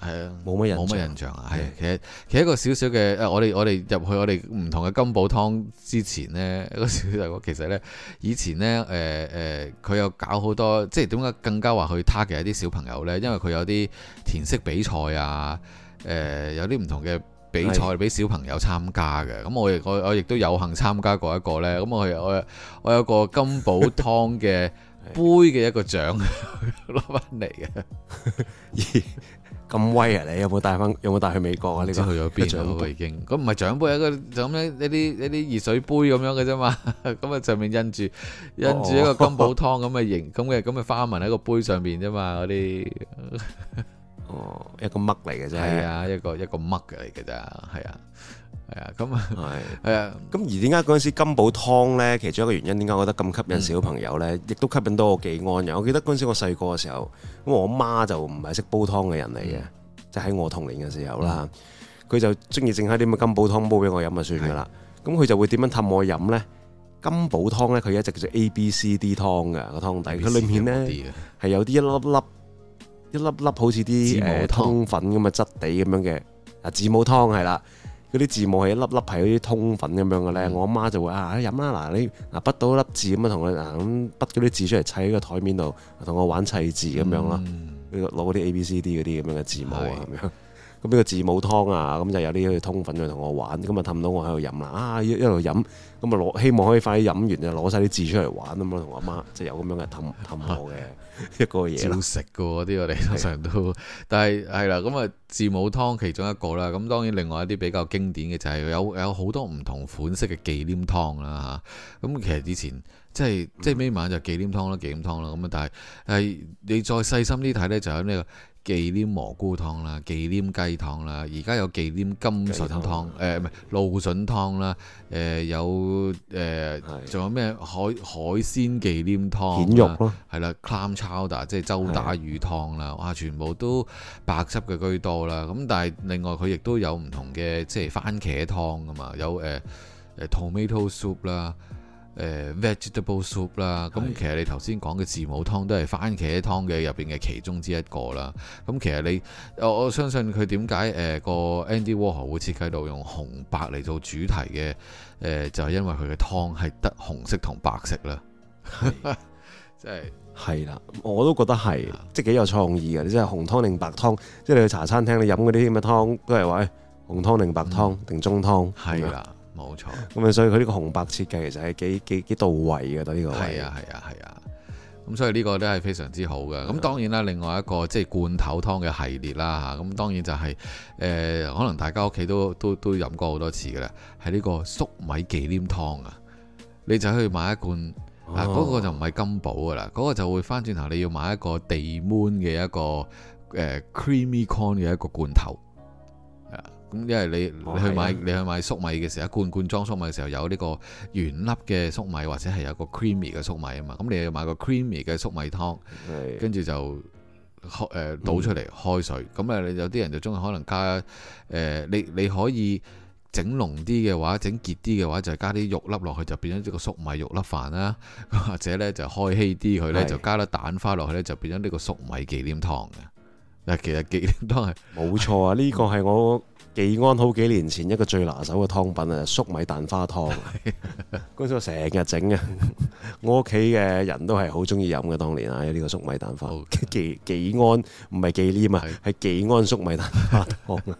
係啊，冇乜冇乜印象啊，係對，其實其實一個小小嘅，誒對，我哋們我哋入去我哋唔同嘅金寶湯之前呢，一個小小嘅，其實呢，以前呢，誒、呃、誒，佢、呃、有搞好多，即係點解更加話去 target 一啲小朋友呢？因為佢有啲填色比賽啊，誒、呃，有啲唔同嘅比賽俾小朋友參加嘅。咁的我亦我我亦都有幸參加過一個呢。咁我我我有，我有個金寶湯嘅。 *laughs* 杯嘅一個獎攞翻嚟嘅，咁 *laughs* 來 *laughs* 威啊！你有冇帶翻？有冇帶去美國啊？呢個 *laughs* 去咗邊啊？盃我已經，咁唔係獎杯，一個就咁樣一啲一啲熱水杯咁樣嘅啫嘛。咁啊，上面印住印住一個金寶湯咁嘅形，咁嘅咁嘅花紋喺個杯上面啫嘛。嗰 *laughs* 啲哦，一個乜嚟嘅啫，係 *laughs* 啊，一個一個乜嚟嘅咋？係啊。係啊，咁啊，係，係啊，咁而點解嗰陣時金寶湯咧，其中一個原因點解我覺得咁吸引小朋友咧，亦都、嗯、吸引到我技安人。我記得嗰陣時我細個嘅時候，咁我媽就唔係識煲湯嘅人嚟嘅，即喺、嗯、我童年嘅時候啦，佢、嗯、就中意整下啲嘅金寶湯煲俾我飲就算噶啦。咁佢、啊、就會點樣氹我飲咧？金寶湯咧，佢一直叫做 A B C D 湯嘅個湯底，佢裏 ABC D 面咧係有啲一粒粒、啊、一粒粒好似啲字母湯粉咁嘅質地咁樣嘅嗱，字母湯係啦。嗰啲字母係、嗯啊、一粒粒係嗰啲通粉咁樣嘅咧，我阿媽就會啊，去飲啦！嗱，你啊筆到粒字咁啊，同佢啊咁筆嗰啲字出嚟砌喺個台面度，同我玩砌字咁、嗯、樣咯。攞嗰啲 A、B、C、D 嗰啲咁樣嘅字母啊咁是樣，咁、那、呢個字母湯啊，咁就有啲通粉去同我玩。咁咪氹到我喺度飲啦，啊一路飲，咁啊攞希望可以快啲飲完就攞晒啲字出嚟玩咁咯。同我阿媽即係有咁樣嘅氹氹我嘅。啊一個嘢照食嘅喎，啲我哋通常都，的但係係啦，咁啊字母湯其中一個啦，咁當然另外一啲比較經典嘅就係有有好多唔同款式嘅忌廉湯啦嚇，咁、啊、其實之前、就是嗯、即係即係尾晚就忌廉湯啦，忌廉湯啦，咁啊但係係你再細心啲睇呢，就喺呢個。忌廉蘑菇湯啦，忌廉雞湯啦，而家有忌廉甘筍湯，誒唔係露筍湯啦，誒、呃、有誒，仲、呃、的有咩海海鮮忌廉湯蜆肉啊，係啦，clam chowder 即係周打魚湯啦，哇的，全部都白汁嘅居多啦，咁但係另外佢亦都有唔同嘅即係番茄湯㗎嘛，有誒、呃、tomato soup 啦。誒、呃、vegetable soup 啦是，咁其實你頭先講嘅字母湯都係番茄湯嘅入邊嘅其中之一個啦。咁其實你，我相信佢點解誒個 Andy Warhol 會設計到用紅白嚟做主題嘅誒、呃，就係、是、因為佢嘅湯係得紅色同白色啦。即係係啦，我都覺得係，即係幾有創意嘅。你即係紅湯定白湯，即係你去茶餐廳你飲嗰啲咁嘅湯，都係話誒紅湯定白湯定、嗯、中湯，係啦的。冇錯，咁啊，所以佢呢個紅白設計其實係幾幾幾到位嘅，到、這、呢個位。係啊，係啊，係啊，咁所以呢個都係非常之好嘅。咁當然啦，另外一個即係、就是、罐頭湯嘅系列啦，吓咁當然就係、是、誒、呃，可能大家屋企都都都飲過好多次噶啦，係呢個粟米忌廉湯啊，你就可以買一罐、哦、啊，嗰、那個就唔係金寶噶啦，嗰、那個就會翻轉頭你要買一個地捫嘅一個誒、呃、creamy corn 嘅一個罐頭。咁因為你你去買你去買粟米嘅時候，一罐罐裝粟米嘅時候有呢個圓粒嘅粟米，或者係有個 creamy 嘅粟米啊嘛。咁你要買個 creamy 嘅粟米湯，跟住 Okay. 就開倒出嚟開水。咁啊、嗯，你有啲人就中意可能加誒、呃，你你可以整濃啲嘅話，整結啲嘅話，就係加啲肉粒落去就變咗呢個粟米肉粒飯啦。 *laughs* 或者咧就開稀啲佢咧，就加粒蛋花落去咧就變咗呢個粟米忌廉湯嘅。嗱是，其實忌廉湯係冇錯啊，呢 *laughs* 個係我。紀安好幾年前一個最拿手嘅湯品啊，粟米蛋花湯。嗰時 *laughs* 我成日整嘅， *laughs* 我屋企嘅人都係好中意飲嘅。當年啊，呢、這個粟米蛋花。紀紀的安唔係紀廉啊，係紀 *laughs* 安粟米蛋花湯。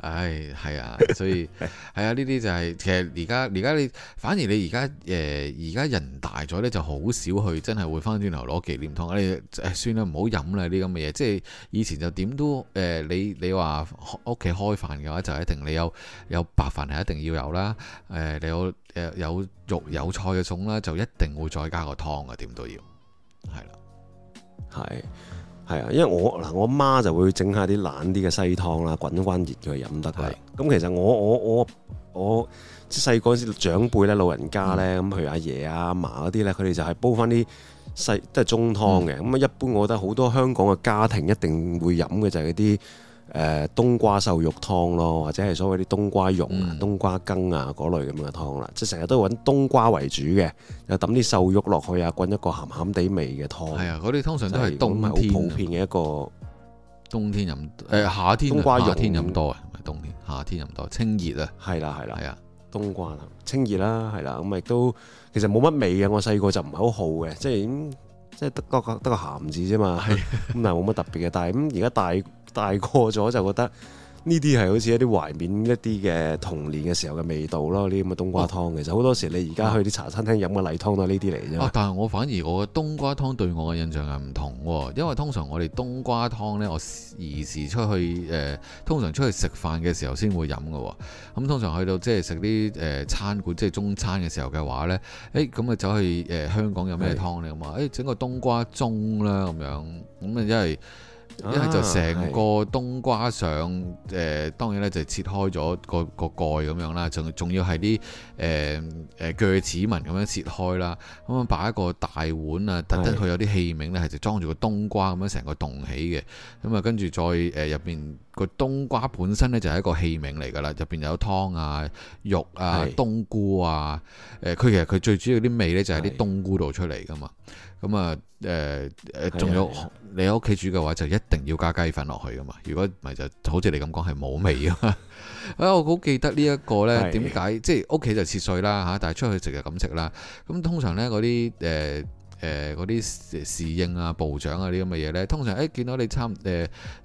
唉、 *laughs* 哎，係啊，所以係啊，呢啲就係、是、其實而家而家你反而你而家誒而家人大咗咧，就好少去真係會翻轉頭攞紀念湯。你、哎、算啦，唔好飲啦，呢咁嘅嘢。即係以前就點都誒、呃，你你話屋企開飯嘅話就一定你有有白飯係一定要有啦，誒你有誒有肉有菜嘅餸啦，就一定會再加個湯嘅，點都要，係啦，係係啊，因為我嗱我媽就會整下啲懶啲嘅西湯啦，滾翻熱佢飲得係。咁的其實我我我我即細個嗰陣時長輩咧老人家咧咁，佢、嗯、阿爺阿嫲嗰啲咧，佢哋就係煲翻啲細即係中湯嘅。咁啊、嗯、一般，我覺得好多香港嘅家庭一定會飲嘅就係嗰啲。誒、呃、冬瓜瘦肉湯咯，或者係所謂啲冬瓜蓉、冬瓜羹啊嗰類咁嘅湯啦，即係成日都揾冬瓜為主嘅，又揼啲瘦肉落去啊，滾一個鹹鹹地味嘅湯。係啊，嗰啲通常都係冬天好普遍嘅一個冬天飲，誒夏天冬瓜天飲多嘅，唔係冬天夏天飲多清熱啊。係啦係啦係啊，冬瓜清熱啦，係啦咁亦都其實冇乜味嘅。我細個就唔係好好嘅，即係即係得個得個鹹字啫嘛，咁的 *laughs* 但冇乜特別嘅。但係咁而家大。大過咗就覺得呢啲係好似一啲懷緬一啲嘅童年嘅時候嘅味道咯，呢啲咁嘅冬瓜湯其實好多時你而家去啲茶餐廳飲嘅例湯都係呢啲嚟啫。但係我反而我嘅冬瓜湯對我嘅印象係唔同喎，因為通常我哋冬瓜湯呢，我時時出去誒、呃，通常出去食飯嘅時候先會飲嘅喎。咁、嗯、通常去到即係食啲誒餐館即係中餐嘅時候嘅話呢，誒咁啊走去誒、呃、香港飲咩湯呢？咁啊的？誒整、欸、個冬瓜盅啦咁樣，咁啊因為。一係就成個冬瓜上，誒、啊呃、當然咧就切開咗個個蓋咁樣啦，仲仲要係啲誒誒鋸齒紋咁樣切開啦，咁樣擺一個大碗啊，是特登佢有啲器皿呢，係就是、裝住個冬瓜咁樣成個棟起嘅，咁啊跟住再誒入邊個冬瓜本身呢，就係一個器皿嚟噶啦，入邊有湯啊、肉啊、是冬菇啊，誒、呃、佢其實佢最主要啲味呢，就喺啲冬菇度出嚟噶嘛，咁啊誒誒仲有。你喺屋企煮嘅話就一定要加雞粉落去噶嘛，如果唔係就好似你咁講係冇味啊、 *laughs* 哎！我好記得呢一個呢，點解即係屋企就切碎啦嚇，但係出去食就咁食啦。咁通常呢嗰啲誒。誒嗰啲侍應啊、部長啊啲咁嘅嘢呢，通常誒、欸、見到你差唔多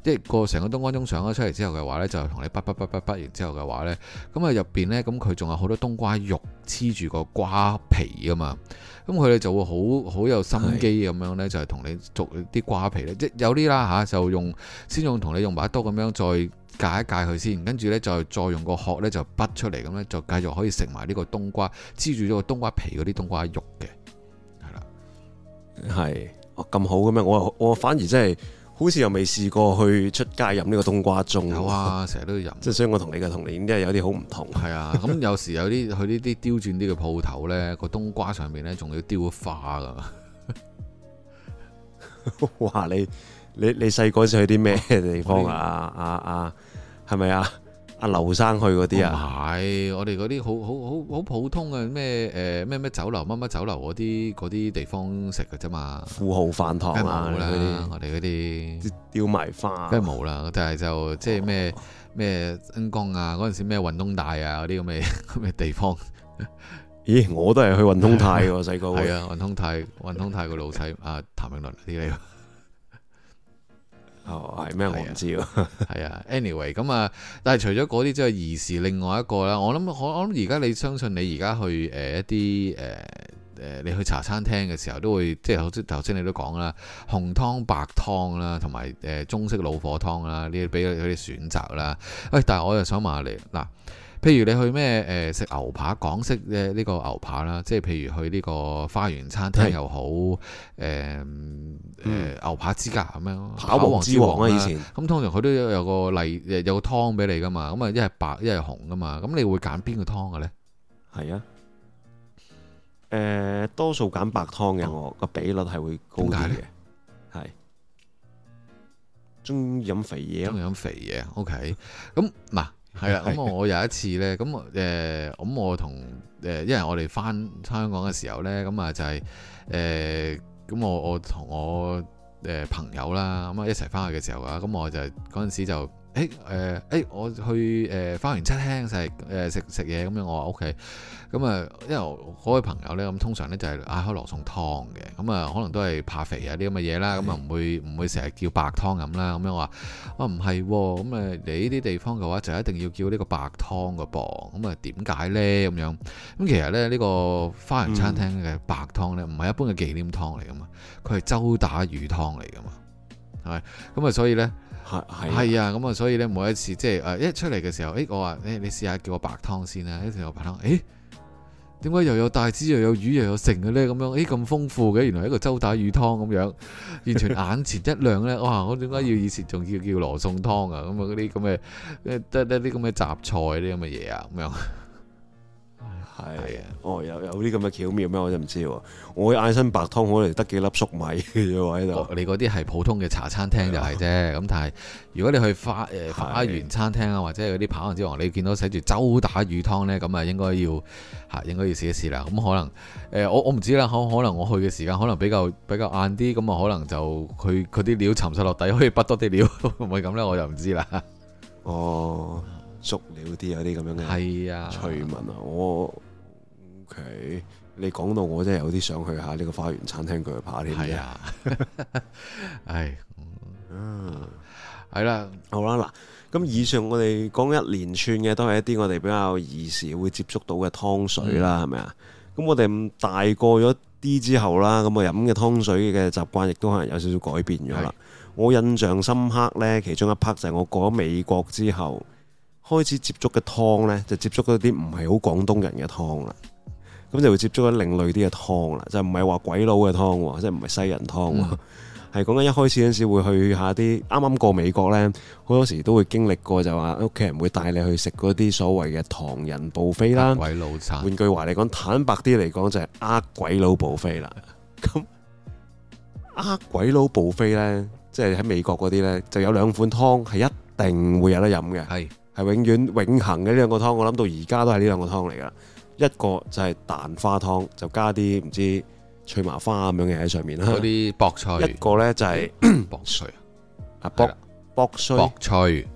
即一個成個冬瓜盅上咗出嚟之後嘅話呢，就同你剝剝剝剝剝完之後嘅話呢。咁啊入邊呢，咁佢仲有好多冬瓜肉黐住個瓜皮㗎嘛，咁佢哋就會好好有心機咁樣呢，就係同、就是、你逐啲瓜皮呢。是即有啲啦嚇，就用先用同你用把刀咁樣再戒一戒佢先，跟住呢，再再用個殼呢就剝出嚟咁呢，就繼續可以食埋呢個冬瓜黐住咗個冬瓜皮嗰啲冬瓜肉嘅。係咁、哦、好嘅咩？我我反而真係好似又未試過去出街飲呢個冬瓜盅。好啊，成日都飲。即係 *laughs* 所以我同你嘅童年真係有啲好唔同。係 *laughs* 啊，咁、嗯、有時有啲去呢啲刁鑽啲嘅鋪頭呢，個冬瓜上面呢，仲要雕花噶。哇！你你你細個時去啲咩地方啊？啊啊，係咪啊？啊啊是阿劉生去嗰啲啊？唔係，我哋嗰啲好好好好普通嘅咩？誒咩咩酒樓乜乜酒樓嗰啲啲地方食嘅啫嘛。富豪飯堂啊，嗰啲我哋嗰啲雕埋花，梗係冇啦。但係就即係咩咩恩光啊，嗰陣時咩運通大啊，嗰啲咁嘅咁嘅地方。咦，我都係去運通泰嘅，我細個係啊，運通泰運通泰個老細阿譚詠麟啲咧。哦，係咩？我唔知喎。係啊，anyway，咁啊， *laughs* anyway，但係除咗嗰啲之外，而係另外一個啦。我諗，我我諗而家你相信你而家去誒、呃、一啲誒誒，你去茶餐廳嘅時候都會即係頭先頭先你都講啦，紅湯白湯啦，同埋誒中式老火湯啦，呢啲俾佢啲選擇啦。喂、哎，但係我又想問下你嗱。譬如你去咩誒食牛扒港式嘅呢個牛扒啦，即係譬如去呢個花園餐廳又好，誒、呃、誒、呃、牛扒之家咁樣，炒王之王前啊，以前咁通常佢都有個例，有個湯俾你噶嘛，咁啊一係白一係紅噶嘛，咁你會揀邊個湯嘅咧？係啊，誒、呃，多數揀白湯嘅我個比率係會高啲嘅，係、啊，鍾意飲肥嘢，鍾意飲肥嘢，OK，咁嗱。啊係啦，咁、嗯、我有一次呢，咁、嗯、誒，咁、嗯、我同誒，因為我哋翻香港嘅時候呢，咁、嗯、啊就係、是、誒，咁、嗯嗯、我我同我誒、嗯、朋友啦，咁、嗯、啊一齊翻去嘅時候啊，咁、嗯、我就嗰陣時就。誒誒誒，我去誒花園餐廳食誒食食嘢咁樣，我話 OK，咁啊，因為嗰位朋友咧，咁通常咧就係嗌羅宋湯嘅，咁啊可能都係怕肥啊啲咁嘅嘢啦，咁啊唔會唔會成日叫白湯咁啦，咁樣話，我唔係，咁啊、嗯、你呢啲地方嘅話就一定要叫呢個白湯嘅噃，咁啊點解咧咁樣？咁其實咧呢個花園餐廳嘅白湯咧，唔係一般嘅忌廉湯嚟噶嘛，佢係周打魚湯嚟噶嘛，係咪？咁、嗯、啊所以咧。係啊，咁啊，啊啊所以呢，每一次即係誒一出嚟嘅時候，誒、欸、我話誒、哎、你試下叫我白湯先啦，一條白湯，誒，點解又有帶子又有魚又有剩嘅呢？咁樣誒咁豐富嘅，原來一個周打魚湯咁樣，完全眼前一亮呢。哇、啊！我點解要以前仲要叫羅宋湯啊？咁啊嗰啲咁嘅，即係啲咁嘅雜菜啲咁嘅嘢啊咁樣。係啊，哦有有啲咁嘅巧妙咩？我就唔知喎。我嗌身白湯，可能得幾粒粟米嘅啫喎喺度。你嗰啲係普通嘅茶餐廳就係、是、啫，咁、啊、但係如果你去花誒花園餐廳啊，或者係嗰啲跑龍之王，你見到寫住周打魚湯咧，咁啊應該要嚇、啊、應該要試一試啦。咁、嗯、可能誒、呃、我我唔知啦，可可能我去嘅時間可能比較比較晏啲，咁、嗯、啊可能就佢佢啲料沉實落底，可以揼多啲料，唔係咁咧，我就唔知啦。哦，足料啲有啲咁樣嘅係啊，趣聞啊，我。佢，okay, 你講到我真係有啲想去下呢個花園餐廳鋸扒啲嘢啊！係，嗯，係啦，好啦，嗱，咁以上我哋講一連串嘅都係一啲我哋比較兒時會接觸到嘅湯水啦，係咪啊？咁我哋大個咗啲之後啦，咁我飲嘅湯水嘅習慣亦都可能有少少改變咗啦。的我印象深刻呢，其中一 part 就係我過咗美國之後開始接觸嘅湯呢，就接觸嗰啲唔係好廣東人嘅湯啦。咁就會接觸一另類啲嘅湯啦，就唔係話鬼佬嘅湯喎，即係唔係西人湯喎，係講緊一開始嗰陣時會去下啲啱啱過美國呢，好多時都會經歷過就話屋企人會帶你去食嗰啲所謂嘅唐人 buffet 啦，鬼佬餐。換句話嚟講，坦白啲嚟講就係呃鬼佬 buffet 啦。咁呃 *laughs* 鬼佬 buffet 呢，即係喺美國嗰啲呢，就有兩款湯係一定會有得飲嘅，係係是永遠永恆嘅呢兩個湯。我諗到而家都係呢兩個湯嚟噶。一個就係蛋花湯，就加啲唔知脆麻花咁樣嘅嘢喺上面啦。嗰啲薄脆一個咧就係薄脆啊，薄薄脆，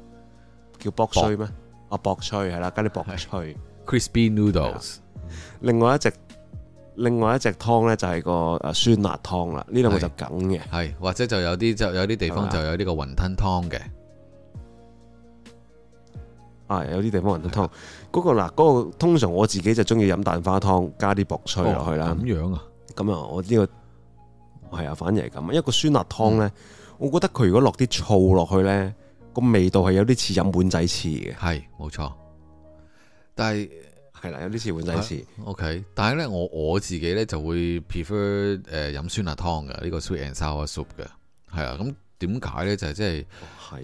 叫薄脆咩？啊，薄脆係啦，加啲薄脆，crispy noodles。另外一隻另外一隻湯咧就係個酸辣湯啦。呢兩個就梗嘅係，或者就有啲就有啲地方就有呢個雲吞湯嘅，係有啲地方雲吞湯。嗰、那個嗱，嗰、那個通常我自己就中意飲蛋花湯，加啲薄脆落去啦。咁、哦、樣啊？咁啊，我呢、這個係啊，反而係咁。一個酸辣湯咧，嗯、我覺得佢如果落啲醋落去咧，個味道係有啲似飲碗仔翅嘅。係，冇錯。但係係啦，有啲似碗仔翅。啊、OK，但係咧，我我自己咧就會 prefer 誒、呃、飲酸辣湯嘅呢、這個 sweet and sour soup 嘅。係啊，咁點解咧？就係即係。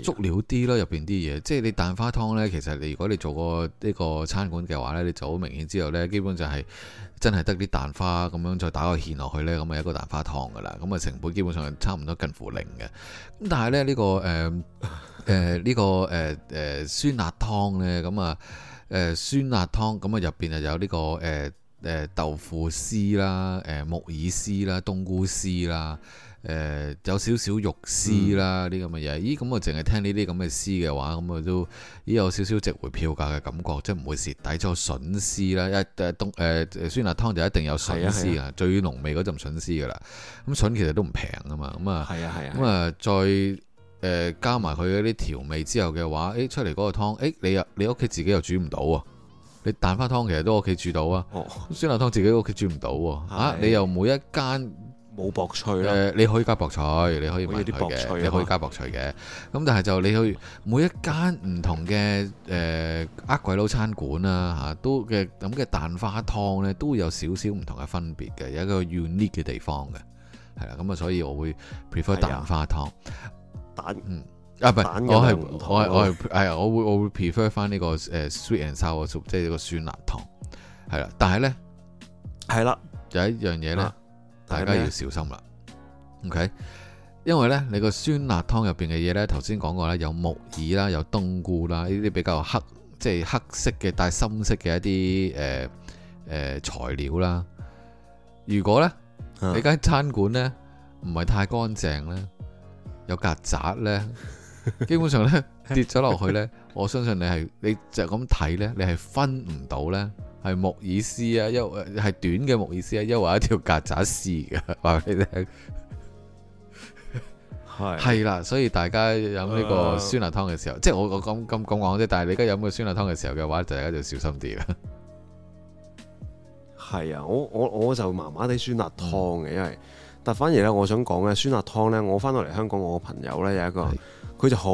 足料啲咯，入邊啲嘢，即係你蛋花湯呢。其實你如果你做過呢個餐館嘅話呢，你就好明顯之後呢，基本就係真係得啲蛋花咁樣再打個芡落去呢，咁啊一個蛋花湯噶啦。咁啊成本基本上係差唔多近乎零嘅。咁但係咧呢、呢個誒誒呢個誒誒、呃呃、酸辣湯呢，咁啊誒酸辣湯咁啊入邊又有呢、呢個誒誒、呃、豆腐絲啦、誒、呃、木耳絲啦、冬菇絲啦。誒、呃、有少少肉絲啦啲咁嘅嘢，咦咁我淨係聽呢啲咁嘅絲嘅話，咁我都咦有少少值回票價嘅感覺，即係唔會蝕底錯筍絲啦，一、呃、誒、呃、酸辣湯就一定有筍絲啊，啊最濃味嗰陣筍絲噶啦，咁、嗯、筍其實都唔平啊嘛，咁、嗯、啊咁啊、嗯、再誒、呃、加埋佢嗰啲調味之後嘅話，誒出嚟嗰個湯，欸、你又你屋企自己又煮唔到啊，你蛋花湯其實都屋企煮到啊，哦、酸辣湯自己屋企煮唔到喎，吓你又每一間。冇薄脆，啦！你可以加薄脆，你可以買嘅，你可以加薄脆嘅。咁但係就你去每一間唔同嘅誒厄鬼佬餐館啦嚇，都嘅咁嘅蛋花湯咧都有少少唔同嘅分別嘅，有一個 unique 嘅地方嘅，係啦。咁啊，所以我會 prefer 蛋花湯蛋嗯啊，唔係我係我係我係係我會我會 prefer 翻呢個誒 sweet and sour 即係呢個酸辣湯係啦。但係咧係啦，有一樣嘢咧。大家要小心啦，OK？因為呢，你個酸辣湯入邊嘅嘢呢，頭先講過呢，有木耳啦，有冬菇啦，呢啲比較黑，即係黑色嘅帶深色嘅一啲誒誒材料啦。如果呢，你間餐館呢，唔係太乾淨呢，有曱甴呢，基本上呢，跌咗落去呢，我相信你係你就咁睇呢，你係分唔到呢。係木耳絲啊，一係短嘅木耳絲啊，或一或一條曱甴絲嘅，話俾你聽。係係啦，所以大家飲呢個酸辣湯嘅時候，呃、即係我我咁咁咁講啫。但係你而家飲個酸辣湯嘅時候嘅話，大家就小心啲啦。係啊，我我我就麻麻哋酸辣湯嘅，因為但反而咧，我想講咧酸辣湯咧，我翻到嚟香港，我個朋友咧有一個，佢的就好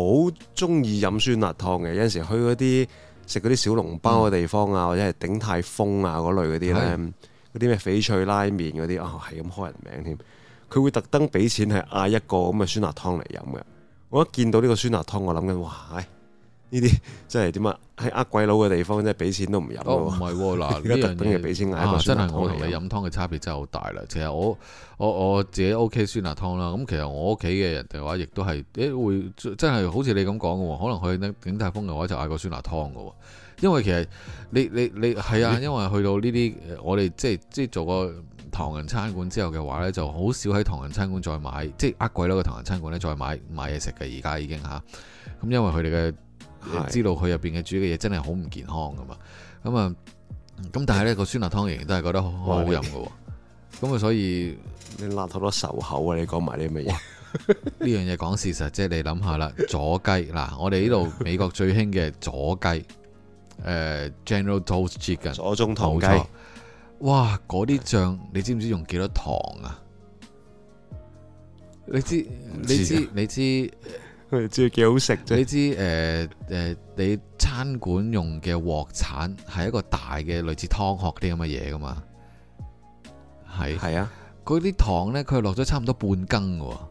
中意飲酸辣湯嘅，有陣時去嗰啲。食嗰啲小籠包嘅地方啊，嗯、或者係鼎泰豐啊嗰類嗰啲呢，嗰啲咩翡翠拉麵嗰啲啊，係咁開人名添。佢會特登俾錢去嗌一個咁嘅酸辣湯嚟飲嘅。我一見到呢個酸辣湯，我諗緊哇呢啲即係點啊？喺呃鬼佬嘅地方，即係俾錢都唔入。唔係嗱，而家 *laughs* 特登嘅俾錢嗌個酸辣湯嚟，啊、真係我同你飲湯嘅差別真係好大啦。其實我我我自己 OK 酸辣湯啦。咁其實我屋企嘅人嘅話，亦都係會真係好似你咁講嘅。可能去咧鼎泰豐嘅話，就嗌個酸辣湯嘅。因為其實你你你係啊，因為去到呢啲我哋即係即係做過唐人餐館之後嘅話呢，就好少喺唐人餐館再買，即係呃鬼佬嘅唐人餐館呢，再買買嘢食嘅。而家已經吓咁，因為佢哋嘅。知道佢入邊嘅煮嘅嘢真係好唔健康噶嘛？咁啊，咁但係咧個酸辣湯仍然都係覺得好好飲噶。咁啊，所以你辣好多仇口啊！你講埋啲咩嘢，呢樣嘢講事實，即係你諗下啦。左雞嗱，我哋呢度美國最興嘅左雞，誒 *laughs* General Toast Chicken，左宗棠雞。哇！嗰啲醬你知唔知用幾多糖啊？你知？你知？你知？佢知幾好食啫！你知誒誒、呃呃，你餐館用嘅鑊鏟係一個大嘅類似湯殼啲咁嘅嘢噶嘛？係係啊！嗰啲糖咧，佢落咗差唔多半羹嘅、哦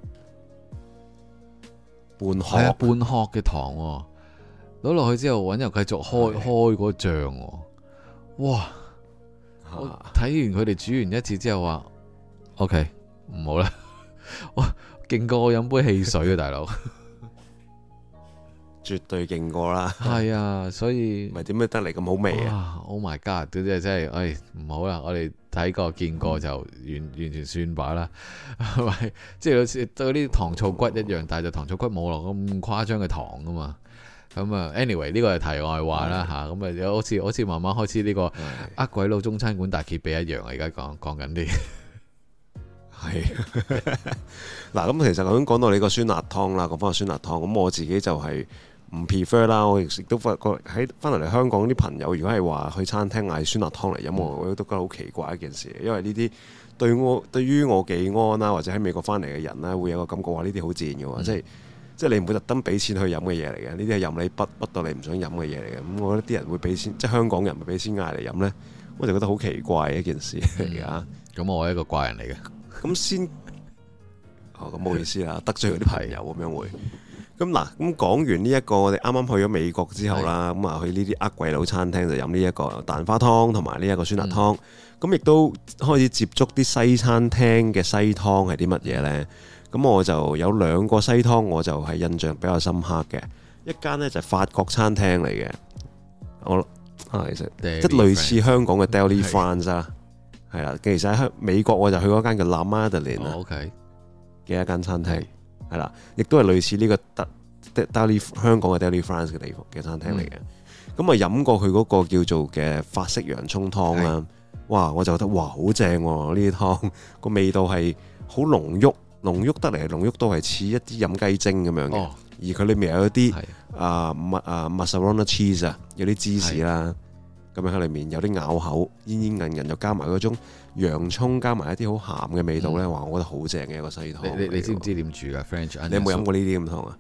殼啊，半殼半殼嘅糖攞、哦、落去之後，搵又繼續開是開嗰醬、哦。哇！啊、我睇完佢哋煮完一次之後話，OK 唔好啦， *laughs* 哇我勁過我飲杯汽水啊，大佬！ *laughs* 絕對勁過啦，係啊，所以咪點解得嚟咁好味啊？Oh my god！咁即係真係，哎，唔好啦，我哋睇過、見過就完完全算罷啦，係咪？即係好似嗰啲糖醋骨一樣，但係就糖醋骨冇落咁誇張嘅糖啊嘛。咁啊，anyway 呢個係題外話啦吓，咁啊，好似好似慢慢開始呢個呃鬼佬中餐館大揭秘一樣啊！而家講講緊啲，係嗱，咁其實咁講到你個酸辣湯啦，講翻個酸辣湯，咁我自己就係。唔 prefer 啦，我亦都發覺喺翻嚟嚟香港啲朋友，如果係話去餐廳嗌酸辣湯嚟飲，我都覺得好奇怪一件事，因為呢啲對我對於我技安啦、啊，或者喺美國翻嚟嘅人咧、啊，會有個感覺話呢啲好自然嘅喎，即係即係你唔會特登俾錢去飲嘅嘢嚟嘅，呢啲係任你畢畢到你唔想飲嘅嘢嚟嘅，咁我覺得啲人會俾錢，即係香港人會俾錢嗌嚟飲咧，我就覺得好奇怪一件事嚟啊！咁、嗯、 *laughs* 我係一個怪人嚟嘅，咁先哦，咁冇意思啦， *laughs* 得罪咗啲朋友咁樣會。 *laughs* 咁嗱，咁講完呢、這、一個，我哋啱啱去咗美國之後啦，咁啊的去呢啲厄鬼佬餐廳就飲呢一個蛋花湯同埋呢一個酸辣湯，咁亦都開始接觸啲西餐廳嘅西湯係啲乜嘢呢？咁我就有兩個西湯，我就係印象比較深刻嘅，一間呢就係法國餐廳嚟嘅，我啊即係類似香港嘅 Delifrance 咋，係啊，其實喺香美國我就去嗰間叫 La Madeline 啊，oh，OK，嘅一間餐廳。Okay. 係啦，亦都係類似呢個 Deli 香港嘅 Deli France 嘅地方嘅餐廳嚟嘅。咁啊飲過佢嗰個叫做嘅法式洋葱湯啦，哇我就覺得哇好正喎！呢啲湯個味道係好濃郁，濃郁得嚟，濃郁到係似一啲飲雞精咁樣嘅。而佢裏面有一啲啊麥啊 Mozzarella Cheese 啊，有啲芝士啦咁喺裏面，有啲咬口，煙煙韌韌又加埋嗰種。洋葱加埋一啲好鹹嘅味道呢，話、嗯、我覺得好正嘅一個西湯。你知唔知點煮噶 French？你有冇飲過呢啲咁湯啊？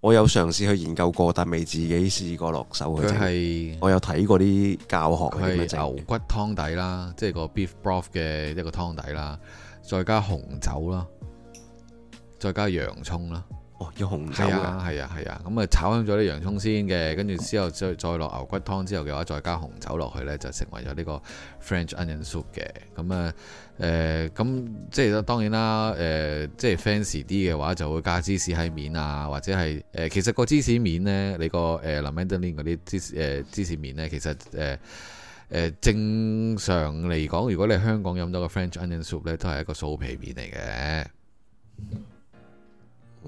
我有嘗試去研究過，但未自己試過落手。佢係是我有睇過啲教學，係牛骨湯底啦，即、就、係、是、個 beef broth 嘅一個湯底啦，再加紅酒啦，再加洋葱啦。哦，要紅酒啊！係啊，係啊，係、嗯、啊，咁啊炒香咗啲洋葱先嘅，跟住之後再再落牛骨湯之後嘅話，再加紅酒落去呢，就成為咗呢個 French onion soup 嘅。咁、嗯、啊，誒、呃、咁、嗯、即係當然啦，誒、呃、即係 fancy 啲嘅話，就會加芝士喺面啊，或者係誒、呃、其實個芝士面呢，你、那個誒 La Madeleine 嗰啲芝誒、呃、芝士面呢，其實誒誒、呃呃、正常嚟講，如果你香港飲到個 French onion soup 呢，都係一個酥皮面嚟嘅。嗯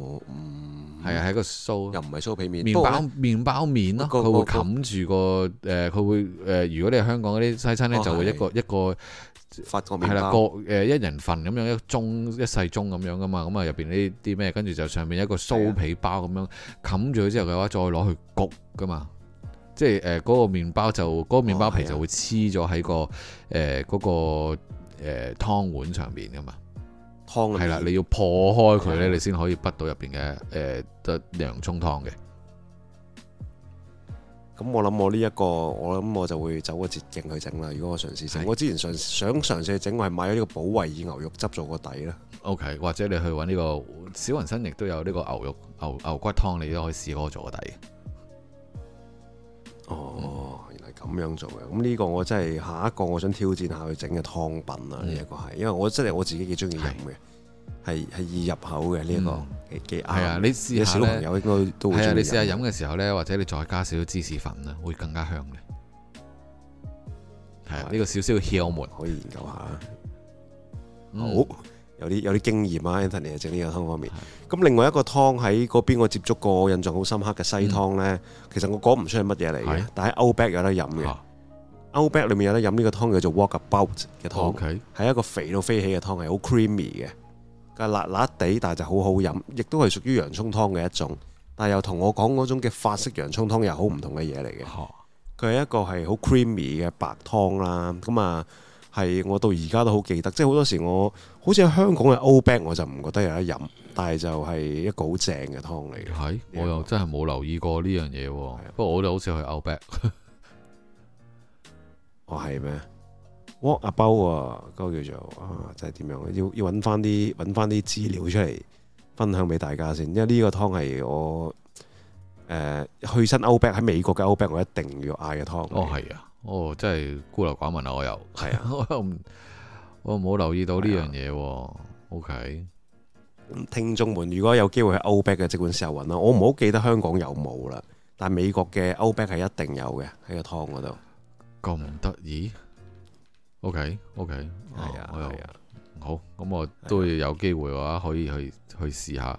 哦，嗯，係啊，係個酥，又唔係酥皮面，麵包，是包麵包麵咯，佢會冚住個，誒，佢會，誒，如果你係香港嗰啲西餐咧，哦、就會一個的一個發個麵包，係啦，個，誒，一人份咁樣，一中一細盅咁樣噶嘛，咁、嗯、啊，入邊呢啲咩，跟住就上面一個酥皮包咁樣冚的住佢之後嘅話，再攞去焗噶嘛，即係，誒、呃，嗰、那個麵包就嗰、那個麵包皮就會黐咗喺個，誒、嗯，嗰、嗯那個，誒，湯碗上面噶嘛。湯係啦，你要破開佢咧，Okay. 你先可以滗到入邊嘅誒，得、呃、洋蔥湯嘅。咁我諗，我呢一、這個，我諗我就會走個捷徑去整啦。如果我嘗試整，的我之前嘗想嘗試整，我係買咗呢個保衛爾牛肉汁做個底啦。O、okay, K，或者你去搵呢、這個史雲生，亦都有呢個牛肉牛牛骨湯，你都可以試過做個底。哦、oh. 嗯。咁樣做嘅，咁呢個我真係下一個我想挑戰下去整嘅湯品啊！呢一個係，因為我真係我自己幾中意飲嘅，係係是易入口嘅呢一個嘅。係啊、嗯，你試下，小朋友應該都會係啊。你試下飲嘅時候咧，或者你再加少少芝士粉啦，會更加香嘅。係啊的，呢個少少竅門可以研究下。嗯、好。有啲有啲經驗啊，Anthony 整呢個湯方面。咁的另外一個湯喺嗰邊我接觸過，我印象好深刻嘅西湯呢，嗯、其實我講唔出係乜嘢嚟嘅，的但喺 Outback 有得飲嘅。Outback 裏面有得飲呢個湯叫做 Walkabout 嘅湯，係 Okay 一個肥到飛起嘅湯，係好 creamy 嘅，辣辣地，但係就好好飲，亦都係屬於洋葱湯嘅一種，但係又同我講嗰種嘅法式洋葱湯又好唔同嘅嘢嚟嘅。佢係、啊、一個係好 creamy 嘅白湯啦，咁啊。係我到而家都好記得，即係好多時我好似喺香港嘅 o b 我就唔覺得有得飲，但係就係一個好正嘅湯嚟。係嗎我又真係冇留意過呢樣嘢，的不過我哋好似去 o b、 *laughs* 哦、係咩？about？嗰個叫做啊，即係點樣？要要揾翻啲揾翻啲資料出嚟分享俾大家先，因為呢個湯係我誒、呃、去親 o b 喺美國嘅 o b 我一定要嗌嘅湯。哦，係啊。哦，真係孤陋寡聞啊！ *laughs* 我又係啊，我又我冇留意到呢樣嘢。O K，咁聽眾們，如果有機會去歐 b a c 嘅，即管試下搵啦。我唔好記得香港有冇啦，但美國嘅歐 b a c 係一定有嘅，喺個湯嗰度咁得意。O K，O K，係啊，係啊，啊啊好咁，我都要有機會嘅話，可以去、啊、去試下。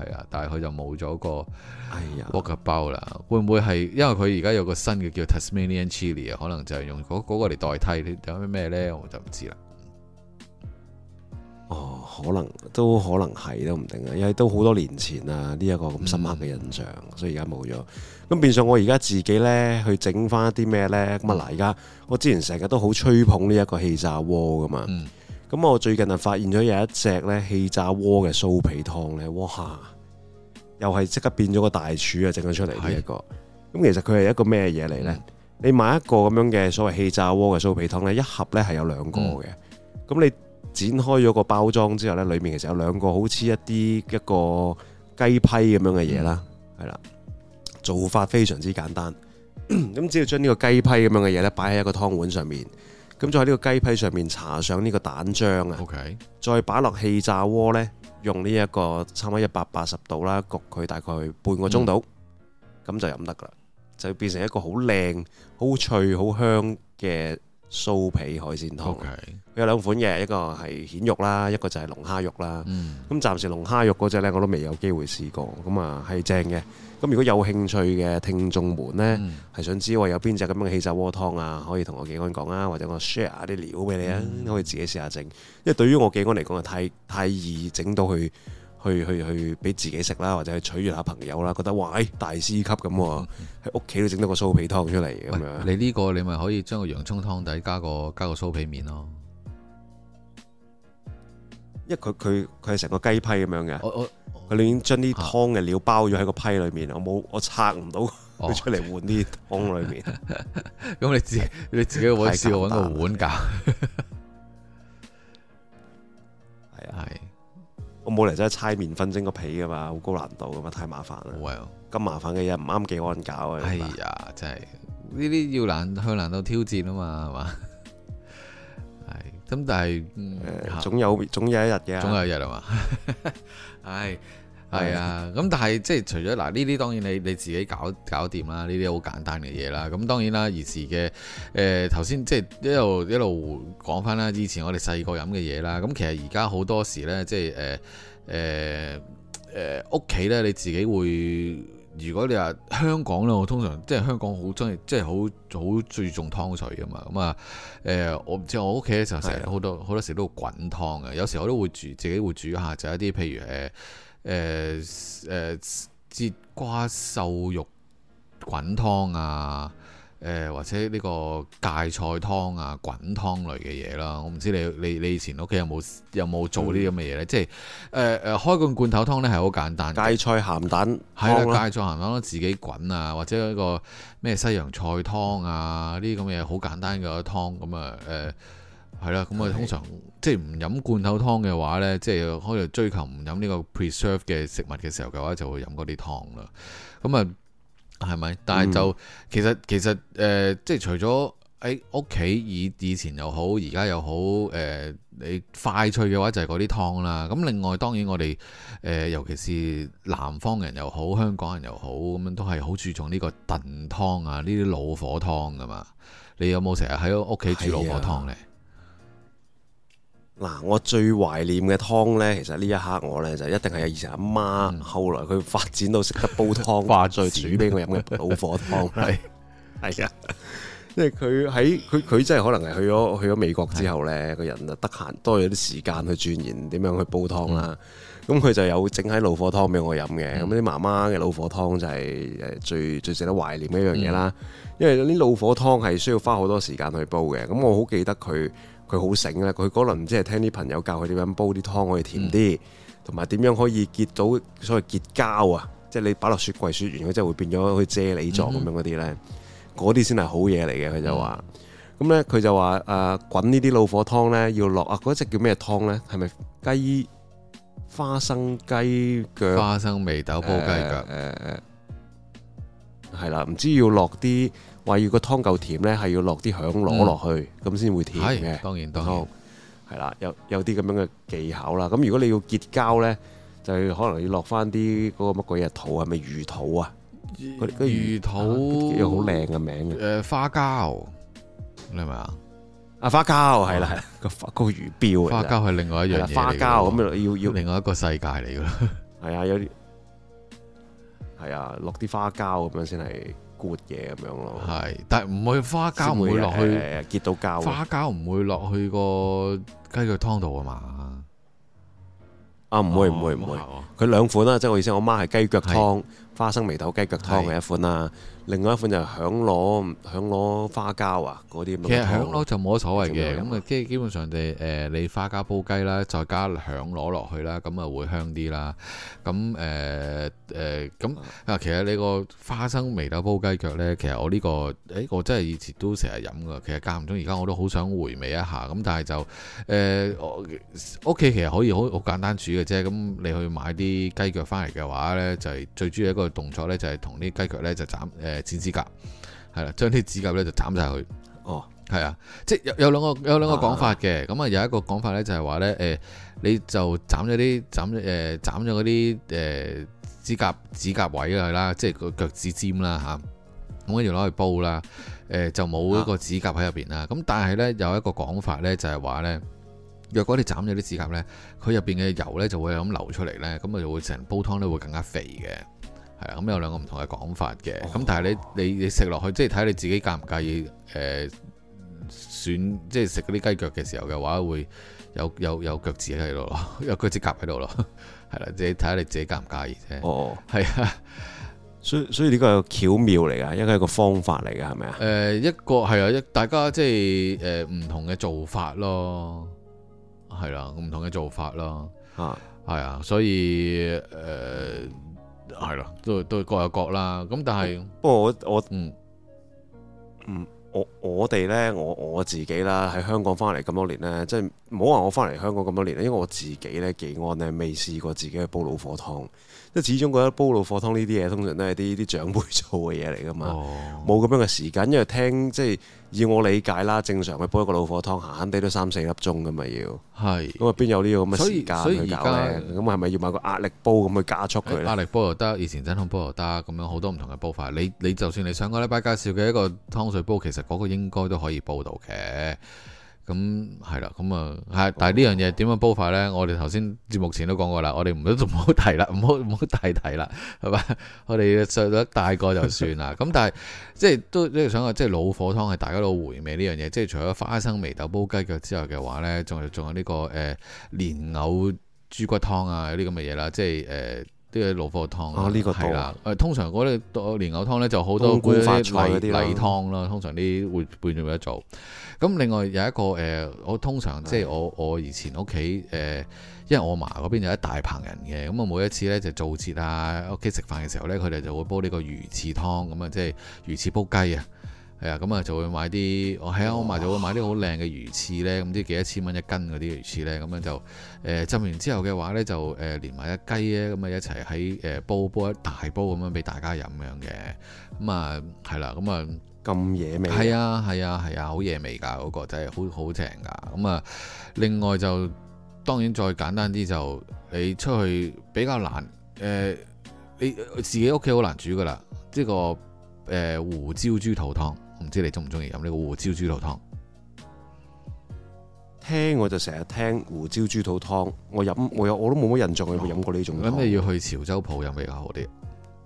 係啊，但係佢就冇咗個 workable 啦。哎、呀會唔會係因為佢而家有個新嘅叫 Tasmanian Chili 啊？可能就係用嗰嗰個嚟代替啲有咩咩呢，我就唔知啦。哦，可能都可能係都唔定啊，因為都好多年前啊，呢、這、一個咁深刻嘅印象，嗯、所以而家冇咗。咁變相我而家自己呢，去整翻啲咩呢？咁啊嗱，而家我之前成日都好吹捧呢一個氣炸鍋噶嘛。嗯咁我最近就發現咗有一隻咧氣炸鍋嘅酥皮湯咧，哇！又係即刻變咗個大廚啊，整咗出嚟呢一個。咁是其實佢係一個咩嘢嚟呢？嗯、你買一個咁樣嘅所謂氣炸鍋嘅酥皮湯咧，一盒咧係有兩個嘅。咁、嗯、你剪開咗個包裝之後咧，裏面其實有兩個好似一啲一個雞批咁樣嘅嘢啦，係啦、嗯。做法非常之簡單，咁 *coughs* 只要將呢個雞批咁樣嘅嘢咧，擺喺一個湯碗上面。咁再喺呢個雞批上面搽上呢個蛋漿啊，Okay. 再擺落氣炸鍋呢，用呢一個差唔多一百八十度啦，焗佢大概半個鐘度，咁、嗯、就飲得噶啦，就變成一個好靚、好脆、好香嘅酥皮海鮮湯。Okay. 有兩款嘅，一個係蜆肉啦，一個就係龍蝦肉啦。咁、嗯、暫時龍蝦肉嗰隻呢，我都未有機會試過，咁啊係正嘅。咁如果有興趣嘅聽眾們呢，係、嗯、想知我有邊隻咁樣嘅氣炸鍋湯啊，可以同我技安講啊，或者我 share 啲料俾你啊，可以自己試下整。因為對於我技安嚟講，又太太易整到去去去去俾自己食啦，或者去取悅下朋友啦，覺得哇，誒大師級咁喎，喺屋企都整到個酥皮湯出嚟咁喂樣。你呢、呢個你咪可以將個洋葱湯底加個加個酥皮面咯。因為佢佢佢係成個雞批咁樣嘅。你已經將啲湯嘅料包咗喺個批裏面，我冇我拆唔到，要出嚟換啲湯裏面。咁你自你自己要搵個碗架，係啊係，我冇嚟真係猜麵粉蒸個皮噶嘛，好高難度噶嘛，太麻煩啦。咁麻煩嘅嘢，唔啱幾個人搞啊？哎呀，真係呢啲要難向難度挑戰啊嘛，係嘛？係咁，但係總有總有一日嘅，總有一日係嘛？唉。係啊，咁但係即係除咗嗱呢啲，當然你你自己搞搞掂啦，呢啲好簡單嘅嘢啦。咁當然啦，而時嘅誒頭先即係一路一路講翻啦，以前我哋細個飲嘅嘢啦。咁其實而家好多時呢，即係誒誒誒屋企呢，呃呃呃、你自己會如果你話香港咧，我通常即係香港好中意，即係好好注重湯水㗎嘛。咁啊誒，我唔知我屋企咧就成日好多好多時都會滾湯嘅，有時我都會煮自己會煮下，就是、一啲譬如誒。呃誒誒、呃呃、節瓜瘦肉滾湯啊！誒、呃、或者呢個芥菜湯啊，滾湯類嘅嘢啦，我唔知你你你以前屋企有冇有冇做呢啲咁嘅嘢呢？嗯、即係誒誒開罐罐頭湯呢係好簡單。芥菜鹹蛋係啦對，芥菜鹹蛋自己滾啊，或者一個咩西洋菜湯啊，呢啲咁嘢好簡單嘅湯咁啊誒。係啦，咁我哋通常即係唔飲罐頭湯嘅話呢，即係可以追求唔飲呢個 preserve 嘅食物嘅時候嘅話，就會飲嗰啲湯啦。咁啊，係咪？但係就其實其實誒、呃，即係除咗喺屋企以以前又好，而家又好誒、呃，你快脆嘅話就係嗰啲湯啦。咁另外，當然我哋誒、呃，尤其是南方人又好，香港人又好，咁樣都係好注重呢個燉湯啊，呢啲老火湯噶嘛。你有冇成日喺屋企煮老火湯呢？嗱，我最懷念嘅湯呢，其實呢一刻我呢，就一定係以前阿媽，媽，嗯、後來佢發展到識得煲湯，化在 *laughs* 事煮俾我飲嘅老火湯，係係啊，因為佢喺佢佢真係可能係去咗去咗美國之後呢，個的人啊，得閒多咗啲時間去鑽研點樣去煲湯啦。咁佢、嗯嗯、就有整喺老火湯俾我飲嘅，咁啲、嗯、媽媽嘅老火湯就係最最值得懷念嘅一樣嘢啦。嗯、因為啲老火湯係需要花好多時間去煲嘅，咁我好記得佢。佢好醒啦！佢嗰輪即係聽啲朋友教佢點樣煲啲湯可以甜啲，同埋點樣可以結到所謂結膠啊！即係你擺落雪櫃雪完佢，真係會變咗佢啫喱狀咁樣嗰啲咧，嗰啲先係好嘢嚟嘅。佢就話咁咧，佢就話誒，滾呢啲老火湯咧，要落啊！嗰隻叫咩湯咧？係咪雞花生雞腳？花生眉豆煲雞腳？誒誒、呃，係、呃、啦，唔知要落啲。如果湯夠話要個湯夠甜咧，係要落啲響螺落去，咁先、嗯、會甜嘅。當然，當然係啦、嗯，有有啲咁樣嘅技巧啦。咁如果你要結膠咧，就可能要落返啲嗰個乜鬼嘢肚，係咪魚肚啊？嗰啲魚肚肚肚、啊、有好靚嘅名嘅。誒、呃，花膠，你係咪啊？啊，花膠係啦，係個個魚鰾。 *laughs* 花膠係另外一樣嘢花膠咁要要，要另外一個世界嚟嘅。係 *laughs* 啊，有啲係啊，落啲花膠咁樣先係。攰嘢咁樣咯，係，但係唔會花膠唔會落去結到膠，花膠唔會落去個雞腳湯度啊嘛。啊，唔會唔會唔會，佢兩款啊，即係我意思，我媽係雞腳湯。花生眉豆雞腳湯嘅一款啦，的另外一款就係響螺、響螺花膠啊嗰啲。其實響螺就冇乜所謂嘅，咁啊基基本上哋、就、誒、是呃、你花膠煲雞啦，再加響螺落去就啦，咁啊會香啲啦。咁誒誒咁啊，其實你個花生眉豆煲雞腳咧，其實我呢、這個誒、欸、我真係以前都成日飲噶，其實間唔中而家我都好想回味一下。咁但係就誒我屋企其實可以好好簡單煮嘅啫。咁你去買啲雞腳翻嚟嘅話咧，就係、是、最主要一個。動作呢就係同啲雞腳呢就斬誒、呃、剪指甲，係啦，將啲指甲呢就斬晒佢。哦，係啊，即係有有兩個有兩個講法嘅。咁啊，有一個講法呢就係、是、話呢，誒、呃，你就斬咗啲斬誒斬咗嗰啲誒指甲指甲位㗎啦，即係個腳趾尖啦吓，咁跟住攞去煲啦，誒、呃、就冇一個指甲喺入邊啦。咁、啊、但係呢，有一個講法呢就係、是、話呢，若果你斬咗啲指甲呢，佢入邊嘅油呢就會咁流出嚟呢，咁啊就會成煲湯呢會更加肥嘅。係咁、嗯、有兩個唔同嘅講法嘅，咁但係你你你食落去，即係睇下你自己介唔介意誒、呃、選，即係食嗰啲雞腳嘅時候嘅話，會有有有腳趾喺度咯，有腳趾夾喺度咯，係啦，你自己睇下你自己介唔介意啫。哦，係啊的，所以所以呢個係個巧妙嚟㗎，一個係個方法嚟㗎，係咪啊？誒、呃，一個係啊，一大家即係誒唔同嘅做法咯，係啦，唔同嘅做法咯，啊，係啊，所以誒。呃係咯，都都各有各啦。咁但係，不過我我嗯嗯，我嗯我哋咧，我我自己啦，喺香港翻嚟咁多年咧，即係唔好話我翻嚟香港咁多年咧，因為我自己咧，技安咧，未試過自己去煲老火湯，即係始終覺得煲老火湯呢啲嘢，通常都係啲啲長輩做嘅嘢嚟噶嘛，冇咁、哦、樣嘅時間，因為聽即係。以我理解啦，正常去煲一個老火湯，閒閒哋，都三四粒鐘噶咪要，咁啊，邊有呢個咁嘅時間去搞咁，係咪要買個壓力煲咁去加速佢？欸、壓力煲又得，以前真空煲又得，咁樣好多唔同嘅煲法。你你就算你上個禮拜介紹嘅一個湯水煲，其實嗰個應該都可以煲到嘅。咁係啦，咁啊、嗯，係，但係呢樣嘢點樣煲法呢？我哋頭先節目前都講過啦，我哋唔都唔好提啦，唔好唔好提提啦，係咪？我哋嘅食大個就算啦。咁 *laughs* 但係即係都即係想話，即係老火湯係大家都回味呢樣嘢。即係除咗花生眉豆煲雞腳之外嘅話呢，仲有仲有呢、呢個誒、呃、蓮藕豬骨湯啊，有啲咁嘅嘢啦，即係誒。呃都啲老火湯啊，呢、呢個係啦。誒，通常嗰啲蓮藕湯咧，就好多古法啲米米湯啦。通常啲會會做一做。咁另外有一個誒、呃，我通常是的 即係我我以前屋企誒，因為我嫲嗰邊有一大棚人嘅，咁啊每一次咧就做節啊，屋企食飯嘅時候咧，佢哋就會煲呢個魚翅湯，咁啊即係魚翅煲雞啊。係啊，咁啊就會買啲，我係啊，我買就會買啲好靚嘅魚翅咧，咁啲幾多千蚊一斤嗰啲魚翅咧，咁樣就誒浸完之後嘅話咧就誒、呃、連埋一雞咧，咁啊一齊喺誒煲煲一大煲咁樣俾大家飲樣嘅，咁啊係啦，咁啊咁惹味，係啊係啊係啊，好惹、啊啊啊啊、味㗎嗰、嗰個真係好好正㗎，咁啊另外就當然再簡單啲就你出去比較難，誒、呃、你自己屋企好難煮㗎啦，即、這、係個誒、呃、胡椒豬肚湯。唔知你中唔中意飲呢個胡椒豬肚湯？聽我就成日聽胡椒豬肚湯，我飲我我都冇乜印象有冇飲過呢種湯。咁你要去潮州鋪飲比較好啲。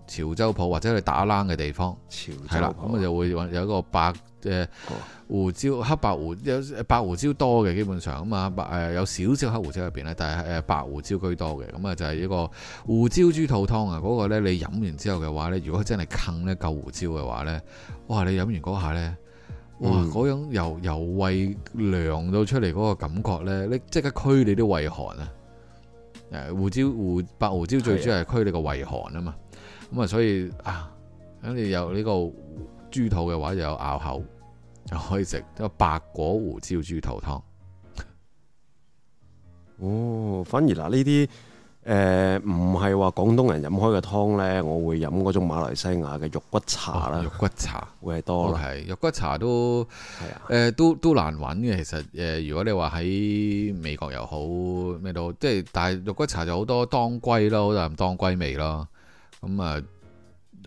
潮州鋪或者你打冷嘅地方，潮系啦，咁啊就會有一個白嘅、呃哦、胡椒，黑白胡有白胡椒多嘅基本上咁啊，白誒、呃、有少少黑胡椒入邊咧，但係誒白胡椒居多嘅，咁、嗯、啊就係、是、一個胡椒豬肚湯啊！嗰、那個咧你飲完之後嘅話咧，如果真係坑呢夠胡椒嘅話咧，哇！你飲完嗰下咧，哇！嗰樣由由胃涼到出嚟嗰個感覺咧，嗯、你即刻驅你啲胃寒啊！誒胡椒胡白胡椒最主要係驅你個胃寒啊的嘛～咁啊，所以啊，咁你有呢個豬肚嘅話，就有咬口，又可以食，即係白果胡椒豬肚湯。哦，反而嗱呢啲誒，唔係話廣東人飲開嘅湯咧，我會飲嗰種馬來西亞嘅肉骨茶啦。肉骨茶、哦、肉骨茶會係多，係肉骨茶、okay, 肉骨茶都係啊，誒、呃，都都難揾嘅。其實誒、呃，如果你話喺美國又好咩都，即係但係肉骨茶就好多當歸咯，好多當歸味咯。咁、嗯嗯、啊，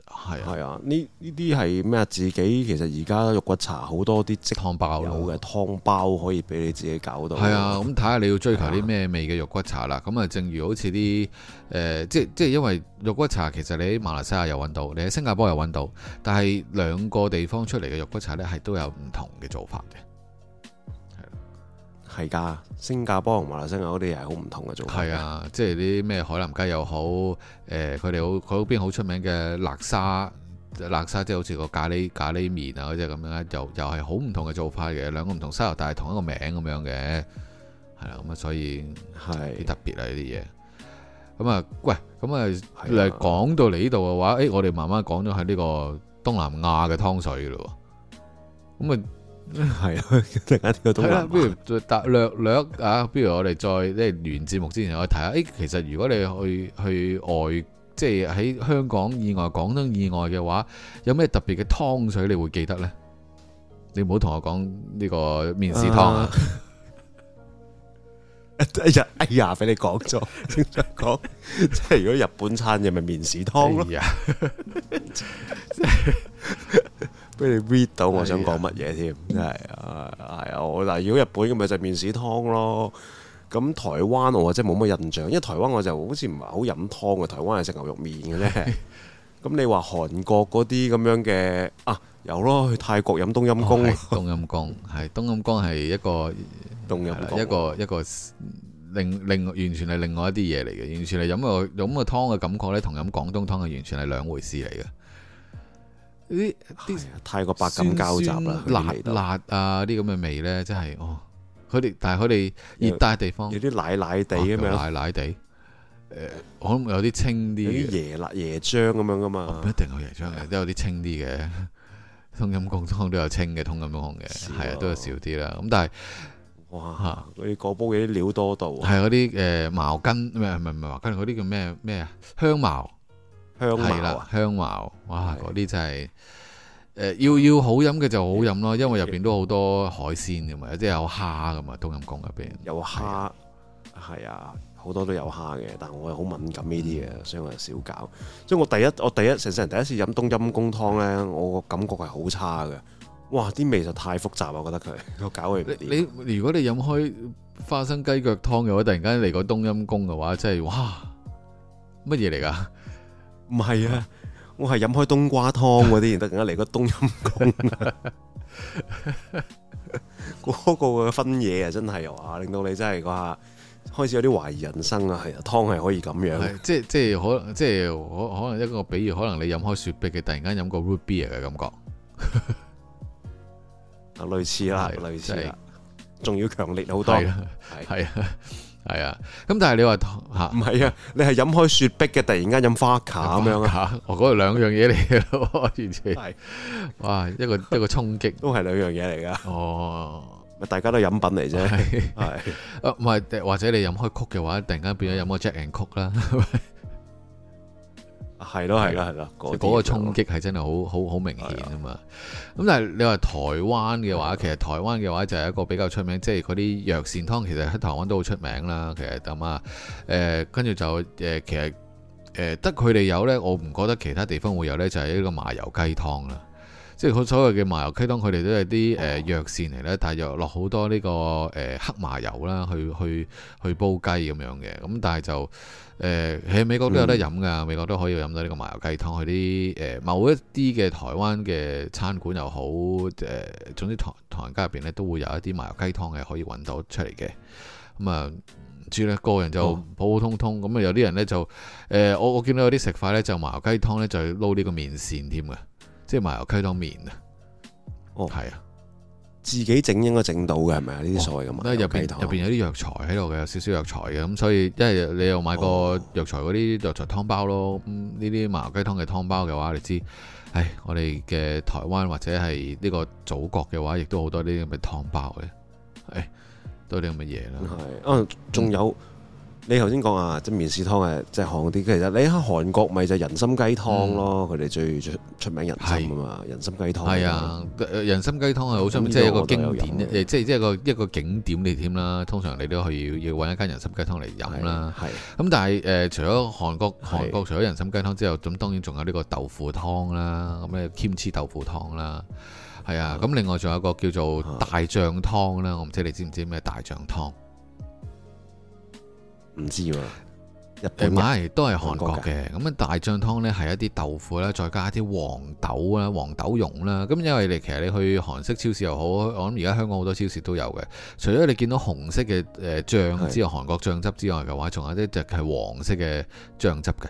係係啊，呢呢啲係咩啊？自己其實而家肉骨茶好多啲即湯包嘅湯包可以俾你自己搞到。係、嗯嗯、啊，咁睇下你要追求啲咩味嘅肉骨茶啦。咁啊，正如好似啲誒，即即因為肉骨茶其實你喺馬來西亞有揾到，你喺新加坡有揾到，但係兩個地方出嚟嘅肉骨茶呢，係都有唔同嘅做法嘅。係噶，新加坡，新加坡同馬來西亞嗰啲係好唔同嘅做法。係啊，即係啲咩海南雞又好，誒佢哋好佢嗰邊好出名嘅辣沙，辣沙即係好似個咖喱咖喱麵啊，嗰啲咁樣咧，又又係好唔同嘅做法嘅，兩個唔同西亞但係同一個名咁樣嘅，係啦，咁啊所以係幾特別啊呢啲嘢。咁啊的、嗯，喂，咁啊嚟講到嚟呢度嘅話，誒我哋慢慢講咗喺呢個東南亞嘅湯水咯，咁、嗯、啊。係啊，係啦、啊。不如略略啊，不如我哋再即係完節目之前我看看，我睇下誒，其實如果你去去外，即係喺香港以外、廣東以外嘅話，有咩特別嘅湯水你會記得呢？你唔好同我講呢個麵豉湯啊，啊！哎呀，哎呀，俾你講咗，聽唔聽講？即係如果日本餐嘅咪麵豉湯咯。俾你 read 到我想講乜嘢添，哎、呀真係啊，係、哎、啊，我嗱，如果日本噉咪就麵豉湯咯，咁台灣我即係冇乜印象，因為台灣我就好似唔係好飲湯嘅，台灣係食牛肉麵嘅啫。咁、哎、呀你話韓國嗰啲咁樣嘅啊，有咯，去泰國飲冬陰功、哦、冬陰功係冬陰功係一個冬陰，一個一個另另完全係另外一啲嘢嚟嘅，完全係飲個飲個湯嘅感覺咧，同飲廣東湯係完全係兩回事嚟嘅。啲啲太過百感交集啦，辣辣啊啲咁嘅味咧，真係哦！佢哋但係佢哋熱帶地方有啲奶奶地咁樣，奶奶地誒，可能有啲清啲啲椰辣椰漿咁樣噶嘛，唔一定有椰漿嘅，都有啲清啲嘅。冬蔭功湯都有清嘅，冬蔭功嘅，係啊，都有少啲啦。咁但係哇，嗰啲嗰煲嘢啲料多到，係嗰啲誒茅根，唔係唔係唔係茅根，嗰啲叫咩咩啊香茅，香係啦，香茅，哇！嗰啲真係，誒的、呃，要要好飲嘅就好飲咯，的因為入邊都好多海鮮噶嘛，即有啲有蝦噶嘛，冬陰功入邊有蝦蝦，係啊的，好多都有蝦嘅，但我係好敏感呢啲嘅，嗯、所以我就少搞。即係我，我第一我第一成世人第一次飲冬陰功湯咧，的我個感覺係好差嘅，哇！啲味就太複雜我覺得佢，搞你，你如果你飲開花生雞腳湯嘅話，突然間嚟個冬陰功嘅話，真係哇，乜嘢嚟噶？唔係啊，我係飲開冬瓜湯嗰啲，突然間嚟個冬陰功嗰個嘅分野啊，真係話令到你真係話開始有啲懷疑人生啊！啊，湯係可以咁樣，即係即係可能即係可可能一個比喻，可能你飲開雪碧，嘅突然間飲個 root beer 嘅感覺，啊 *laughs* 類似啦，是類似仲、就是、要強烈好多，係啊。係啊，咁但係你話吓，唔係啊，啊你係飲開雪碧嘅，突然間飲花卡咁樣啊，我嗰度兩樣嘢嚟嘅完全係，哇 *laughs* 一個 *laughs* 一個衝擊，都係兩樣嘢嚟噶，哦，大家都飲品嚟啫，係，唔係或者你飲開曲嘅話，突然間變咗飲個 Jack and Coke 啦。 *laughs* 係咯，係啦，係啦，嗰個衝擊係真係好好好明顯啊嘛！咁的但係你話台灣嘅話，嗯、其實台灣嘅話就係一個比較出名，即係嗰啲藥膳湯其，其實喺台灣都好出名啦。其實咁啊，誒，跟住就誒，其實誒，得佢哋有呢，我唔覺得其他地方會有呢，就係、是、一個麻油雞湯啦。即係佢所謂嘅麻油雞湯，佢哋都係啲誒藥膳嚟呢。但係又落好多呢、這個誒、呃、黑麻油啦，去去去煲雞咁樣嘅。咁但係就誒喺、呃、美國都有得飲噶，嗯、美國都可以飲到呢個麻油雞湯。佢啲誒某一啲嘅台灣嘅餐館又好誒、呃，總之唐唐人街入邊咧都會有一啲麻油雞湯嘅可以揾到出嚟嘅。咁啊唔知咧個人就普普通通咁啊，哦、有啲人呢，就、呃、誒我我見到有啲食法呢，就麻油雞湯呢，就撈呢個麵線添嘅。即係麻油雞湯麵啊，哦，係啊，自己整應該整到嘅係咪啊？呢啲所謂咁啊，入邊入邊有啲藥材喺度嘅，有少少藥材嘅咁，所以因為你又買個藥材嗰啲藥材湯包咯。咁呢啲麻油雞湯嘅湯包嘅話，你知，唉，我哋嘅台灣或者係呢個祖國嘅話，亦都好多呢啲咁嘅湯包嘅，唉，多啲咁嘅嘢啦。係啊，仲有。你頭先講啊，即麵豉湯係即係韓啲，其實你喺韓國咪就係人參雞湯咯，佢哋最出名人參啊嘛，人參雞湯。係啊，人參雞湯係好出名，即係一個經典，即係即係個一個景點嚟添啦。通常你都去要揾一間人參雞湯嚟飲啦。係。咁但係誒，除咗韓國韓國除咗人參雞湯之後，咁當然仲有呢個豆腐湯啦，咁咧謙黐豆腐湯啦，係啊。咁另外仲有一個叫做大醬湯啦，我唔知你知唔知咩大醬湯？唔知喎、啊，誒買都係韓國嘅。咁啊，大醬湯呢，係一啲豆腐啦，再加一啲黃豆啦、黃豆蓉啦。咁因為你其實你去韓式超市又好，我諗而家香港好多超市都有嘅。除咗你見到紅色嘅誒醬之外，的韓國醬汁之外嘅話，仲有一隻係黃色嘅醬汁嘅。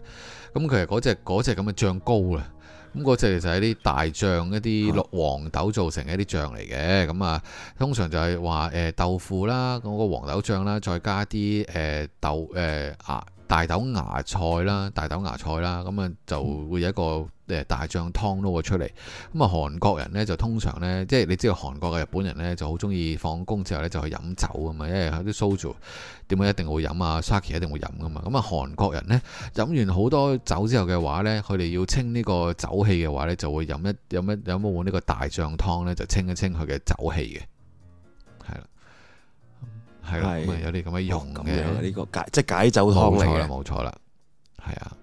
咁其實嗰隻嗰隻咁嘅醬膏啊。咁嗰隻其實係啲大醬，一啲黃豆做成嘅一啲醬嚟嘅。咁啊，通常就係話誒豆腐啦，嗰個黃豆醬啦，再加啲誒豆誒、呃、啊。大豆芽菜啦，大豆芽菜啦，咁啊就會有一個誒大醬湯都會出嚟。咁啊，韓國人呢，就通常呢，即係你知道韓國嘅日本人呢，就好中意放工之後呢，就去飲酒啊嘛，因為喺啲 soju 點解一定會飲啊 sake 一定會飲噶嘛。咁、嗯、啊，韓國人呢，飲完好多酒之後嘅話呢，佢哋要清呢個酒氣嘅話呢，就會飲一飲一飲一,一碗呢個大醬湯呢，就清一清佢嘅酒氣嘅。係啦，咁啊有啲咁嘅用嘅呢個解即係解酒湯嚟嘅，冇錯啦，冇錯啦，係啊，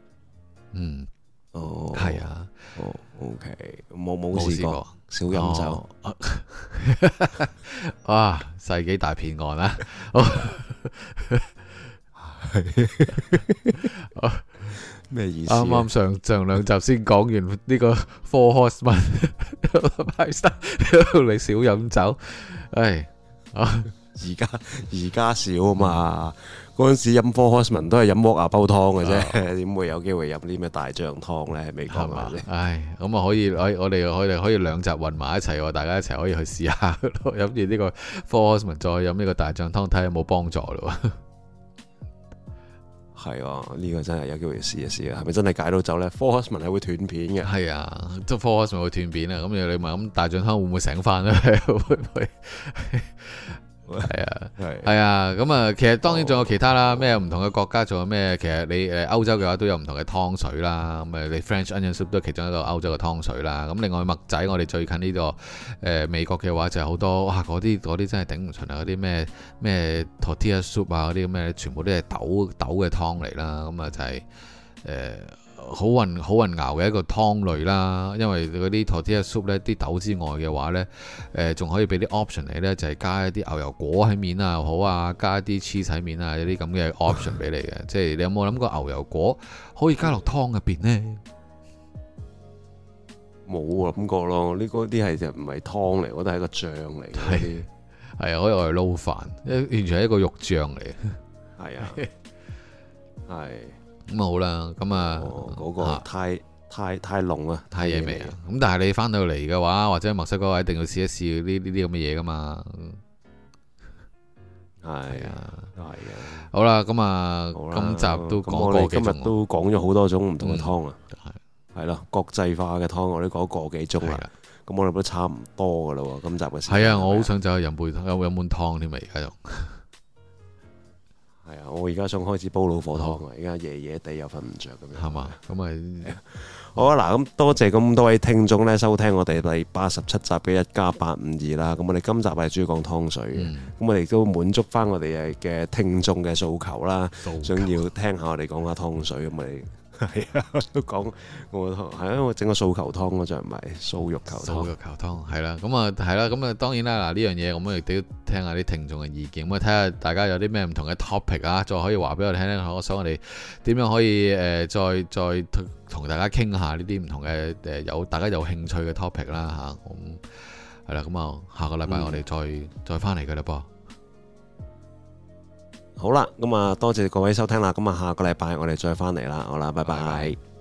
嗯，哦，係啊，OK，冇冇試過，少飲酒，哇，世紀大騙案啦，係，咩意思？啱啱上上兩集先講完呢個 Four Horsemen，你少飲酒，哎，啊。而家而家少啊嘛，嗰陣時飲 Four Horseman 都係飲骨牙煲湯嘅啫，點、啊、會有機會飲啲咩大醬湯咧？未夠嘛？唉，咁啊可以，我我哋可以可，以可，以可以兩集混埋一齊喎，大家一齊可以去試下飲住呢個 Four Horseman 再飲呢個大醬湯，睇下有冇幫助咯。係啊，呢、呢個真係有機會試一試啊，係咪真係解到酒咧？Four Horseman 係會斷片嘅，係啊，即係 Four Horseman 會斷片啊。咁你問咁大醬湯會唔會醒翻咧？會唔會？係 *laughs* 啊，係，係啊，咁、嗯、啊，其實當然仲有其他啦，咩唔同嘅國家仲有咩，其實你誒歐、呃、洲嘅話都有唔同嘅湯水啦，咁啊你 French onion soup 都係其中一個歐洲嘅湯水啦，咁、嗯、另外麥仔我哋最近呢、這個誒、呃、美國嘅話就係好多，哇嗰啲嗰啲真係頂唔順啊，嗰啲咩咩 tortilla soup 啊嗰啲咁嘅，全部都係豆豆嘅湯嚟啦，咁、嗯、啊就係、是、誒。呃好混好運牛嘅一個湯類啦，因為嗰啲 traditional soup 啲豆之外嘅話呢，誒，仲、呃、可以俾啲 option 嚟呢，就係、是、加一啲牛油果喺面啊，又好啊，加一啲芝士喺面啊，有啲咁嘅 option 俾你嘅， *laughs* 即係你有冇諗過牛油果可以加落湯入邊呢？冇諗過咯，呢嗰啲係就唔係湯嚟， *laughs* *laughs* 我覺得係個醬嚟，係係啊，可以攞嚟撈飯，完全係一個肉醬嚟，係 *laughs* *laughs* 啊，係。曲咁啊好啦，咁啊，個太太太濃啦，太惹味啊！咁但係你翻到嚟嘅話，或者墨西哥一定要試一試呢呢啲咁嘅嘢噶嘛。係啊，係啊。好啦，咁啊，今集都講過今日都講咗好多種唔同嘅湯啊。係係咯，國際化嘅湯，我哋講個幾鐘啊。咁我哋都差唔多噶啦，今集嘅。係啊，我好想走去飲杯湯，飲飲碗湯添味啊！係啊，我而家想開始煲老火湯啊！而家夜夜地又瞓唔着咁樣，係嘛？對，咁咪好啊嗱！咁多謝咁多位聽眾咧，收聽我哋第八十七集嘅一加八五二啦。咁我哋今集係主要講湯水嘅，咁、嗯、我哋亦都滿足翻我哋嘅聽眾嘅訴求啦，求，想要聽下我哋講下湯水咁我哋。係啊，都講 *laughs* 我湯，係啊，我整個素球湯咯，就唔係素肉球湯。素肉球湯係啦，咁啊係啦，咁啊當然啦，嗱呢樣嘢，我咪亦都要聽下啲聽眾嘅意見，咁啊睇下大家有啲咩唔同嘅 topic 啊，再可以話俾我聽聽。我想我哋點樣可以誒、呃，再再同大家傾下呢啲唔同嘅誒，有大家有興趣嘅 topic 啦吓。咁，係啦，咁啊，下個禮拜我哋再、嗯、再翻嚟嘅嘞噃。好啦，咁啊，多謝各位收聽啦，咁啊，下個禮拜我哋再翻嚟啦，好啦，拜拜。拜拜。